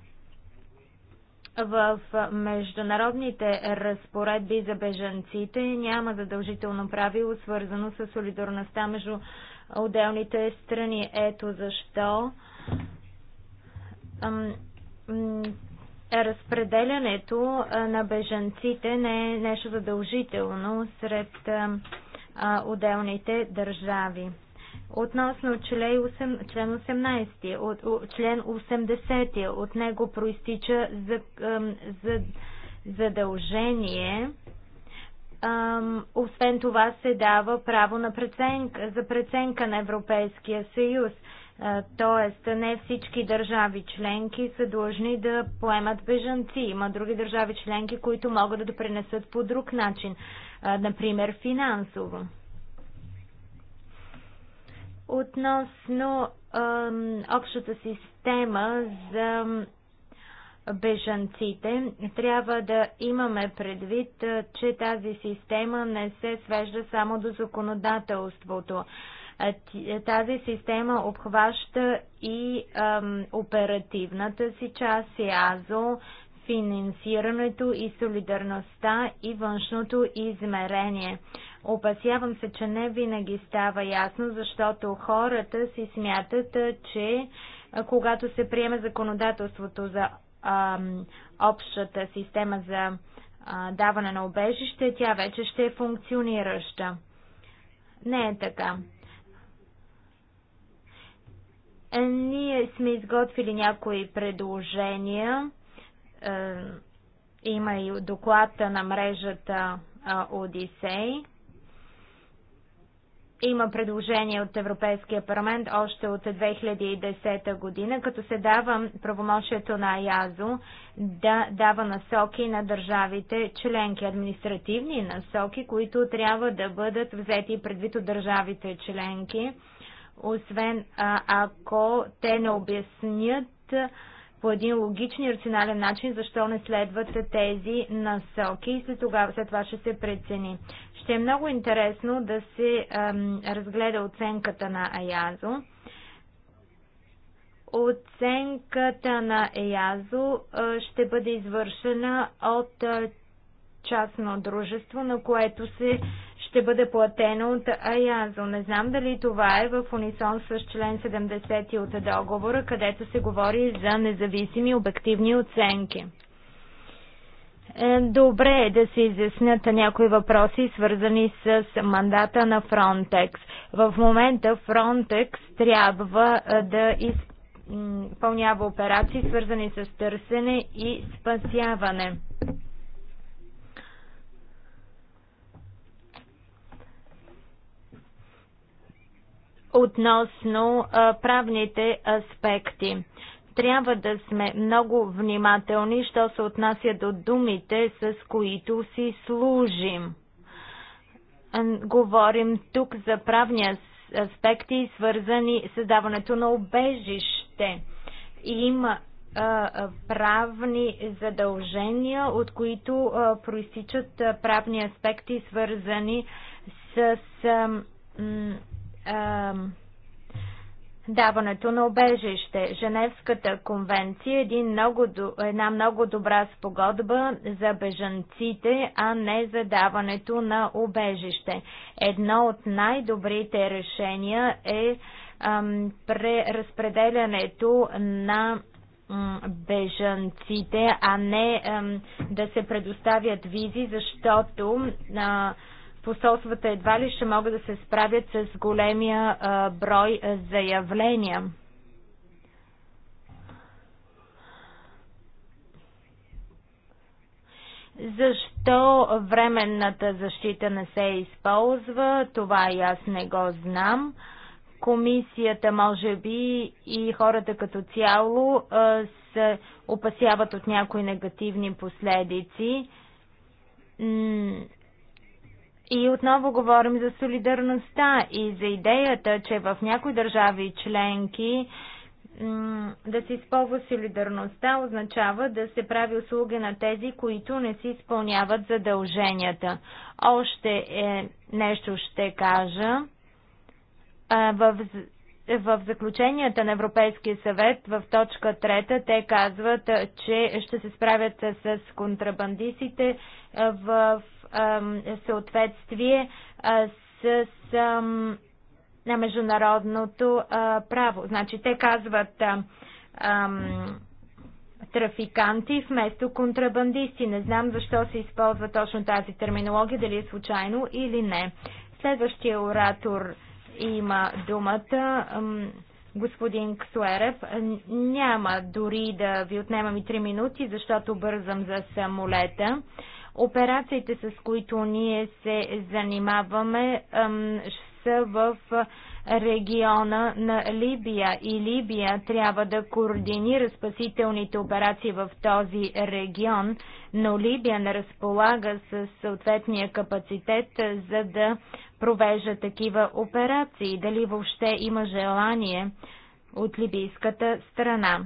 E: В международните разпоредби за бежанците няма задължително правило, свързано с солидарността между отделните страни. Ето защо разпределянето на бежанците не е нещо задължително сред отделните държави. Относно член 18, от, член 80, от него проистича за, за, задължение. Освен това се дава право на преценка, за преценка на Европейския съюз. Тоест, не всички държави членки са длъжни да поемат бежанци. Има други държави членки, които могат да допринесат по друг начин, например финансово. Относно ам, общата система за бежанците, трябва да имаме предвид, че тази система не се свежда само до законодателството. Тази система обхваща и ам, оперативната си част, и АЗО, финансирането и солидарността и външното измерение. Опасявам се, че не винаги става ясно, защото хората си смятат, че когато се приеме законодателството за а, общата система за а, даване на обежище, тя вече ще е функционираща. Не е така. Е, ние сме изготвили някои предложения. Е, има и доклада на мрежата Одисей. Има предложение от Европейския парламент още от 2010 година, като се дава правомощието на АЯЗО да дава насоки на държавите членки, административни насоки, които трябва да бъдат взети предвид от държавите членки, освен а, ако те не обяснят по един логичен и рационален начин, защо не следват тези насоки и след, тогава, след това ще се прецени. Ще е много интересно да се ам, разгледа оценката на Аязо. Оценката на АЯзо ще бъде извършена от частно дружество, на което се ще бъде платено от Аязо. Не знам дали това е в унисон с член 70 от договора, където се говори за независими обективни оценки. Е, добре е да се изяснят някои въпроси, свързани с мандата на Frontex. В момента Frontex трябва е, да изпълнява операции, свързани с търсене и спасяване. Относно е, правните аспекти трябва да сме много внимателни, що се отнася до думите, с които си служим. Говорим тук за правни аспекти, свързани с даването на обежище. Има правни задължения, от които проистичат правни аспекти, свързани с даването на обежище. Женевската конвенция е един много, една много добра спогодба за бежанците, а не за даването на обежище. Едно от най-добрите решения е ам, преразпределянето на бежанците, а не ам, да се предоставят визи, защото а, посолствата едва ли ще могат да се справят с големия а, брой заявления. Защо временната защита не се използва, това и аз не го знам. Комисията, може би, и хората като цяло се опасяват от някои негативни последици и отново говорим за солидарността и за идеята, че в някои държави и членки да се използва солидарността означава да се прави услуги на тези, които не си изпълняват задълженията. Още е, нещо ще кажа. В, в заключенията на Европейския съвет в точка трета те казват, че ще се справят с контрабандистите в съответствие с на международното право. Значи те казват трафиканти вместо контрабандисти. Не знам защо се използва точно тази терминология, дали е случайно или не. Следващия оратор има думата господин Ксуерев. Няма дори да ви отнемам и 3 минути, защото бързам за самолета. Операциите, с които ние се занимаваме, са в региона на Либия и Либия трябва да координира спасителните операции в този регион, но Либия не разполага с съответния капацитет за да провежда такива операции. Дали въобще има желание от либийската страна?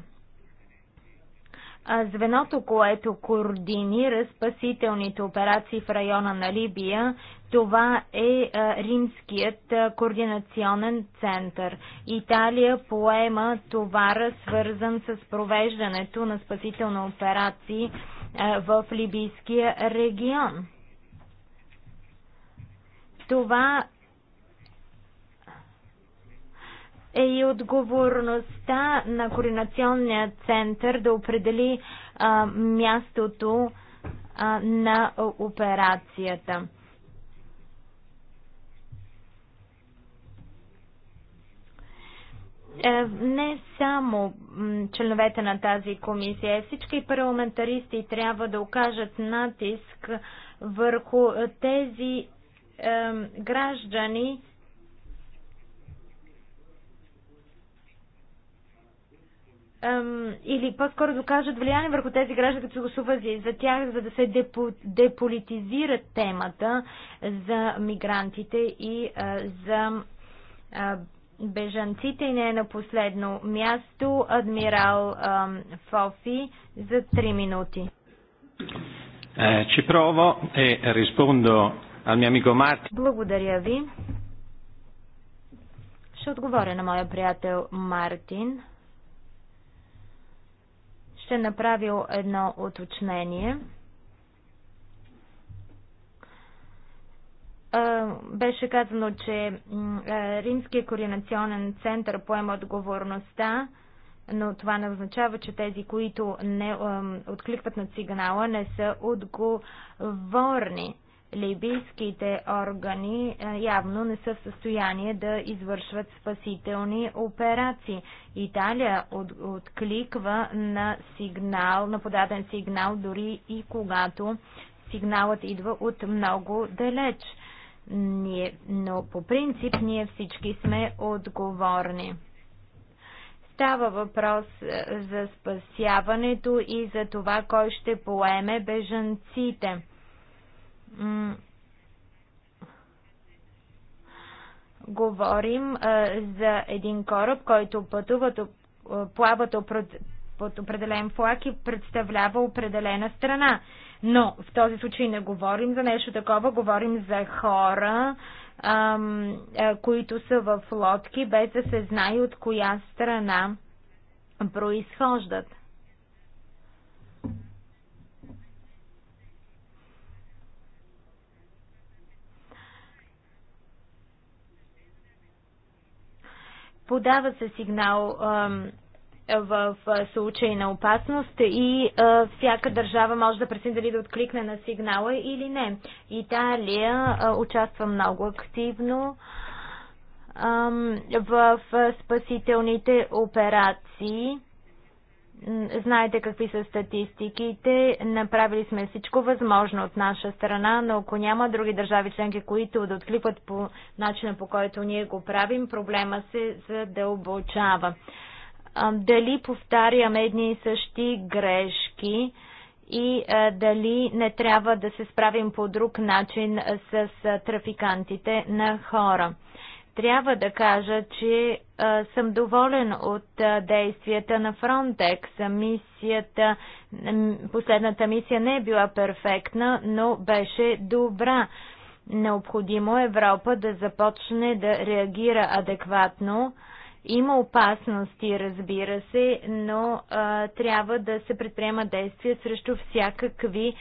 E: Звеното, което координира спасителните операции в района на Либия, това е Римският координационен център. Италия поема товара, свързан с провеждането на спасителни операции в Либийския регион. Това е и отговорността на Координационния център да определи а, мястото а, на операцията. Е, не само членовете на тази комисия, всички парламентаристи трябва да окажат натиск върху тези е, граждани, или по-скоро докажат влияние върху тези граждани, като гласуват за тях, за да се депо, деполитизира темата за мигрантите и а, за а, бежанците. И не е на последно място адмирал а, Фофи за 3 минути.
C: Е, ci provo e
B: rispondo al mio amico Martin.
E: Благодаря ви. Ще отговоря на моя приятел Мартин ще направил едно уточнение. Беше казано, че Римския координационен център поема отговорността, но това не означава, че тези, които не откликват на сигнала, не са отговорни либийските органи е, явно не са в състояние да извършват спасителни операции. Италия от, откликва на сигнал, на подаден сигнал, дори и когато сигналът идва от много далеч. Ние, но по принцип ние всички сме отговорни. Става въпрос е, за спасяването и за това кой ще поеме бежанците говорим за един кораб, който пътува, плава под определен флаг и представлява определена страна. Но в този случай не говорим за нещо такова, говорим за хора, ам, а, които са в лодки, без да се знае от коя страна произхождат. Подава се сигнал в случай на опасност и всяка държава може да прецени дали да откликне на сигнала или не. Италия участва много активно в спасителните операции. Знаете какви са статистиките. Направили сме всичко възможно от наша страна, но ако няма други държави членки, които да откликват по начина по който ние го правим, проблема се задълбочава. Дали повтаряме едни и същи грешки и дали не трябва да се справим по друг начин с трафикантите на хора. Трябва да кажа, че а, съм доволен от а, действията на Frontex. Мисията, последната мисия не е била перфектна, но беше добра. Необходимо е Европа да започне да реагира адекватно. Има опасности, разбира се, но а, трябва да се предприема действия срещу всякакви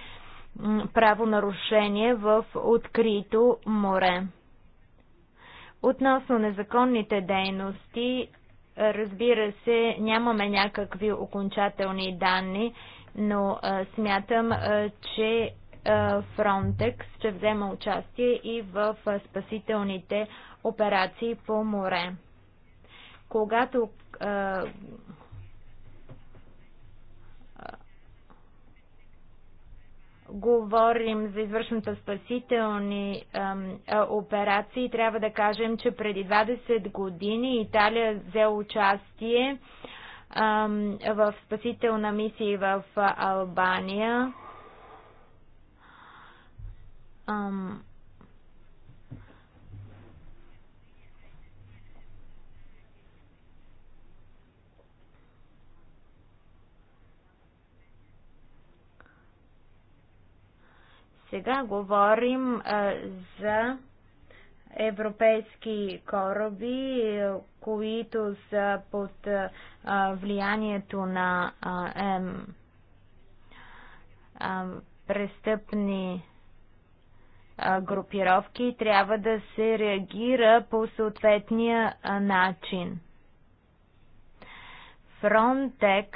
E: правонарушения в открито море. Относно незаконните дейности, разбира се, нямаме някакви окончателни данни, но а, смятам, а, че Фронтекс ще взема участие и в а, спасителните операции по море. Когато говорим за извършната спасителни а, а, операции, трябва да кажем, че преди 20 години Италия взе участие а, в спасителна мисия в Албания. Сега говорим за европейски кораби, които са под влиянието на престъпни групировки и трябва да се реагира по съответния начин. Frontex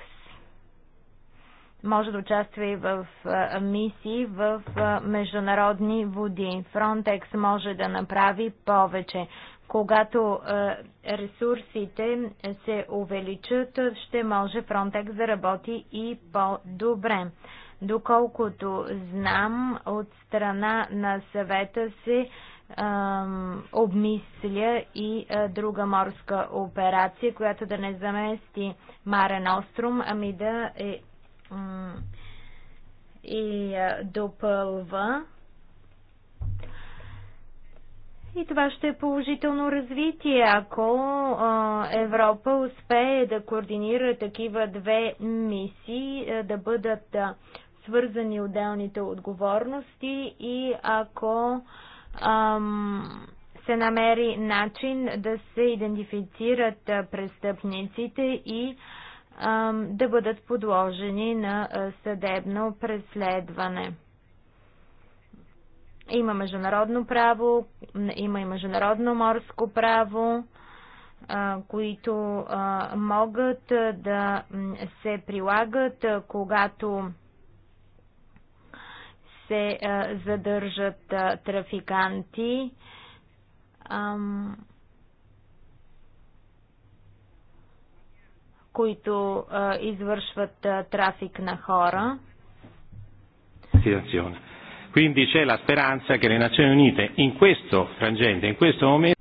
E: може да участва и в мисии в международни води. Фронтекс може да направи повече. Когато ресурсите се увеличат, ще може Фронтекс да работи и по-добре. Доколкото знам, от страна на съвета се обмисля и друга морска операция, която да не замести Марен Острум, ами да е и допълва. И това ще е положително развитие, ако Европа успее да координира такива две мисии, да бъдат свързани отделните отговорности и ако ам, се намери начин да се идентифицират престъпниците и а, да бъдат подложени на съдебно преследване. Има международно право, има и международно морско право, които могат да се прилагат, когато се задържат трафиканти. които а, извършват а, трафик на хора.
A: Quindi c'è la speranza che le Nazioni Unite in questo frangente, in questo momento.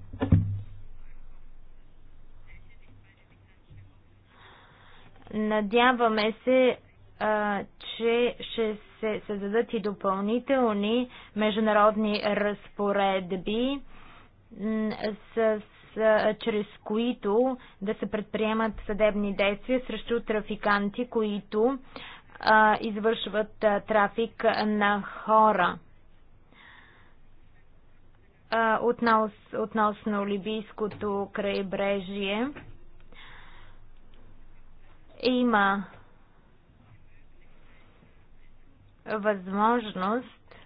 E: Надяваме се, а, че ще се създадат и допълнителни международни разпоредби с чрез които да се предприемат съдебни действия срещу трафиканти, които а, извършват а, трафик на хора. А, относ, относно Либийското крайбрежие има възможност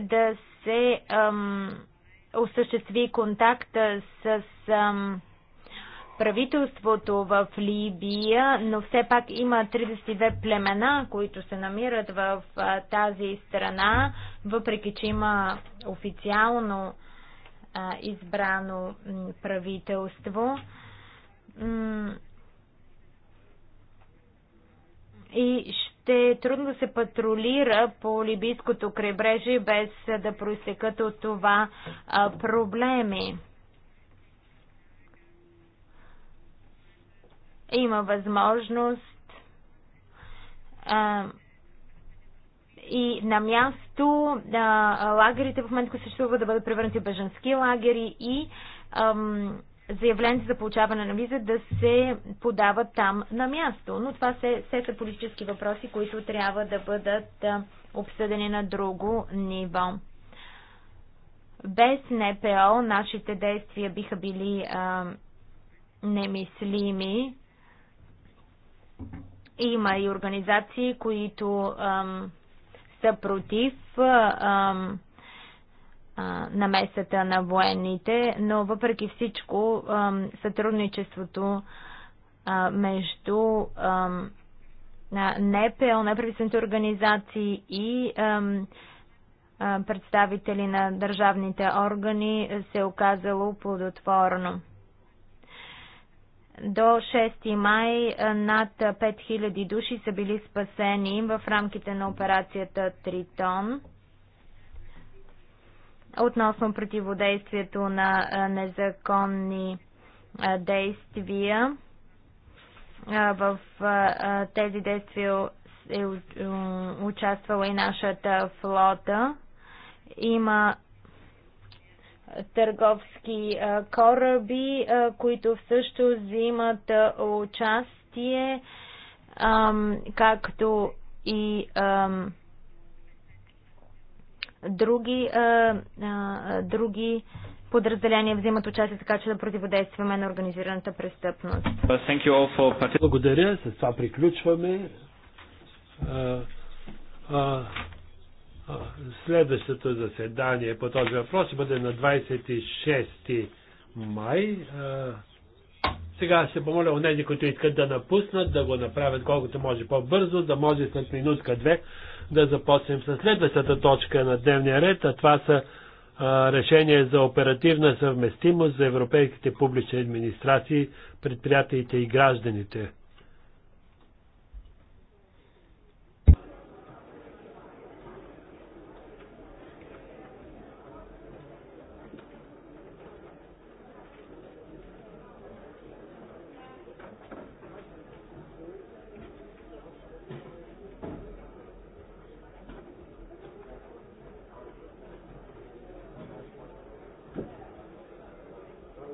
E: да се ам, осъществи контакт с ам, правителството в Либия, но все пак има 32 племена, които се намират в а, тази страна, въпреки че има официално а, избрано правителство. И ще ще е трудно да се патрулира по либийското крайбрежие без да проистекат от това проблеми. Има възможност а, и на място а, лагерите в момента, които съществуват, да бъдат превърнати в бежански лагери и ам, заявленци за получаване на виза да се подават там на място. Но това се, се са политически въпроси, които трябва да бъдат обсъдени на друго ниво. Без НПО нашите действия биха били а, немислими. Има и организации, които а, са против. А, намесата на военните, но въпреки всичко сътрудничеството между НПО, неправителствените организации и представители на държавните органи се е оказало плодотворно. До 6 май над 5000 души са били спасени в рамките на операцията Тритон относно противодействието на незаконни действия. В тези действия е, е участвала и нашата флота. Има търговски кораби, които също взимат участие, както и други, а, а, други подразделения взимат участие, така че да противодействаме на организираната престъпност.
A: Благодаря, с това приключваме. А, а, а, следващото заседание по този въпрос ще бъде на 26 май. Сега ще помоля онези, които искат да напуснат, да го направят колкото може по-бързо, да може след минутка-две да започнем с следващата точка на дневния ред, а това са а, решение за оперативна съвместимост за европейските публични администрации, предприятиите и гражданите.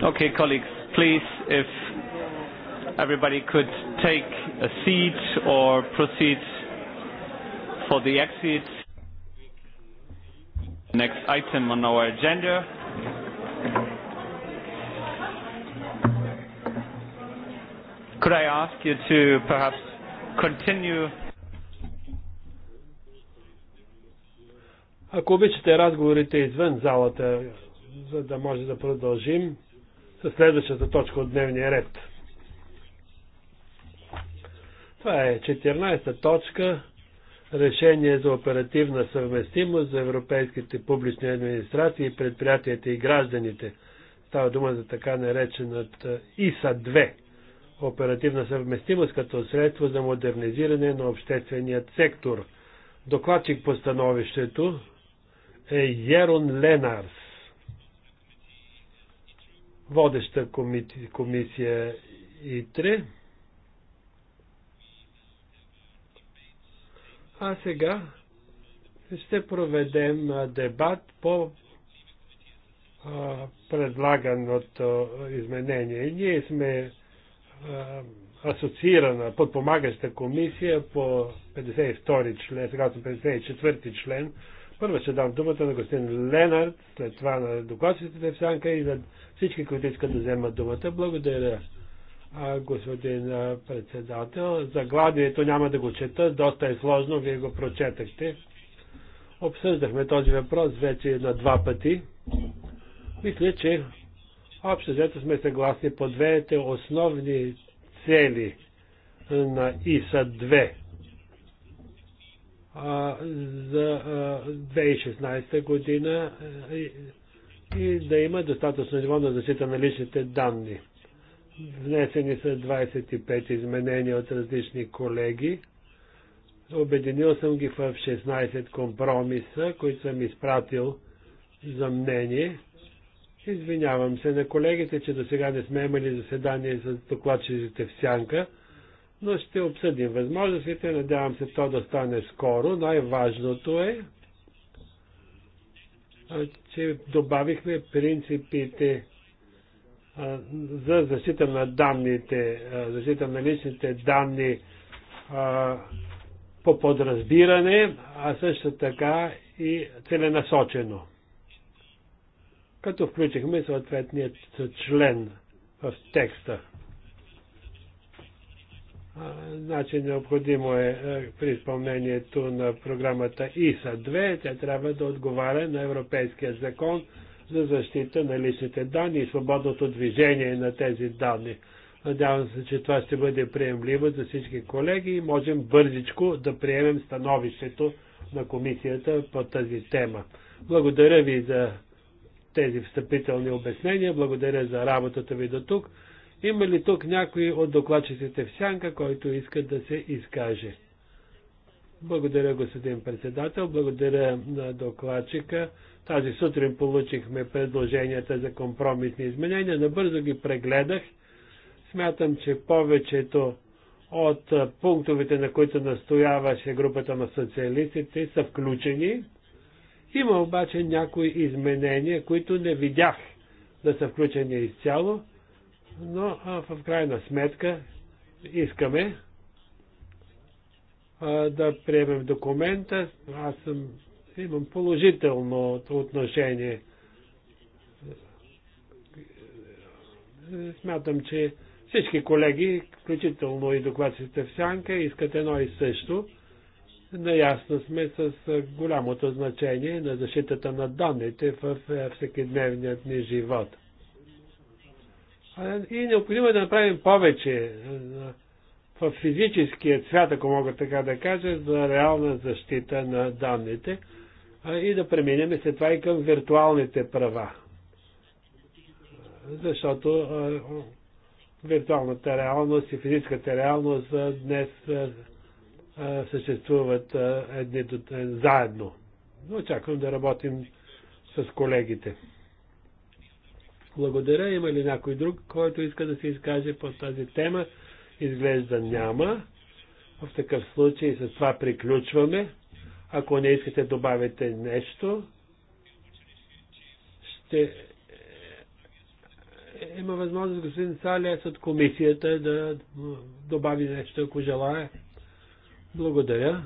A: Okay, colleagues, please, if everybody could take a seat or proceed for the exit. Next item on our agenda. Could I ask you to perhaps continue? Ако обичате разговорите извън залата, за да може да продължим със следващата точка от дневния ред. Това е 14-та точка решение за оперативна съвместимост за европейските публични администрации, предприятията и гражданите. Става дума за така наречената ИСА-2 оперативна съвместимост като средство за модернизиране на общественият сектор. Докладчик по становището е Ерон Ленарс. Водеща комисия, комисия ИТРЕ. А сега ще проведем дебат по предлаганото изменение. Ние сме асоциирана, подпомагаща комисия по 52 член, сега 54 член първо ще дам думата на господин Ленард, след това на докладчиците в Сянка и на всички, които искат да вземат думата. Благодаря, господин председател. Заглавието няма да го чета, доста е сложно, вие го прочетахте. Обсъждахме този въпрос вече на два пъти. Мисля, че общо взето сме съгласни по двете основни цели на ИСА 2 за 2016 година е, и да има достатъчно ниво на защита на личните данни. Внесени са 25 изменения от различни колеги. Обединил съм ги в 16 компромиса, които съм изпратил за мнение. Извинявам се на колегите, че до сега не сме имали заседание за докладчиците в Сянка, но ще обсъдим възможностите. Надявам се то да стане скоро. Най-важното е, че добавихме принципите за защита на данните, защита на личните данни по подразбиране, а също така и целенасочено. Като включихме съответният член в текста. Значи необходимо е, е при изпълнението на програмата ИСА-2, тя трябва да отговаря на Европейския закон за защита на личните данни и свободното движение на тези данни. Надявам се, че това ще бъде приемливо за всички колеги и можем бързичко да приемем становището на комисията по тази тема. Благодаря ви за тези встъпителни обяснения, благодаря за работата ви до тук. Има ли тук някой от докладчиците в сянка, който иска да се изкаже? Благодаря, господин председател. Благодаря на докладчика. Тази сутрин получихме предложенията за компромисни изменения. Набързо ги прегледах. Смятам, че повечето от пунктовете, на които настояваше групата на социалистите, са включени. Има обаче някои изменения, които не видях да са включени изцяло но а, в крайна сметка искаме а, да приемем документа. Аз съм, имам положително отношение. Смятам, че всички колеги, включително и докладците в Сянка, искат едно и също. Наясно сме с голямото значение на защитата на данните в всекидневният ни живот. И необходимо е да направим повече е, в физическия свят, ако мога така да кажа, за реална защита на данните и да преминем след това и към виртуалните права. Защото виртуалната реалност и физическата реалност днес съществуват едни заедно. Очаквам да работим с колегите. Благодаря. Има ли някой друг, който иска да се изкаже по тази тема? Изглежда няма. В такъв случай с това приключваме. Ако не искате добавите нещо, ще е, има възможност господин Салес от комисията да добави нещо, ако желая. Благодаря.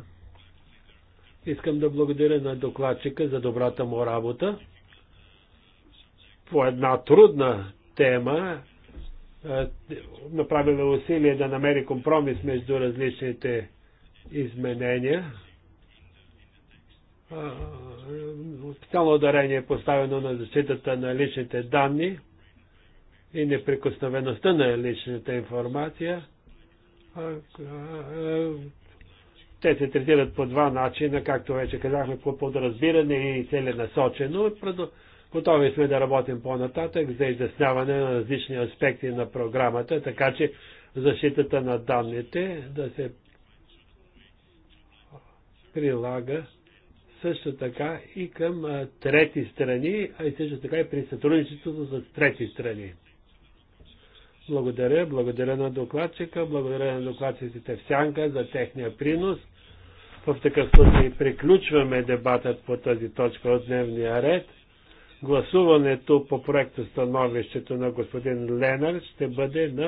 A: Искам да благодаря на докладчика за добрата му работа по една трудна тема е, направила усилие да намери компромис между различните изменения. Е, специално ударение е поставено на защитата на личните данни и неприкосновеността на личната информация. Е, те се третират по два начина, както вече казахме, по подразбиране и целенасочено. Готови сме да работим по-нататък за изясняване на различни аспекти на програмата, така че защитата на данните да се прилага също така и към трети страни, а и също така и при сътрудничеството с трети страни. Благодаря, благодаря на докладчика, благодаря на докладчиците в Сянка за техния принос. В такъв случай приключваме дебатът по тази точка от дневния ред. Гласуването по проекта становището на господин Ленар ще бъде на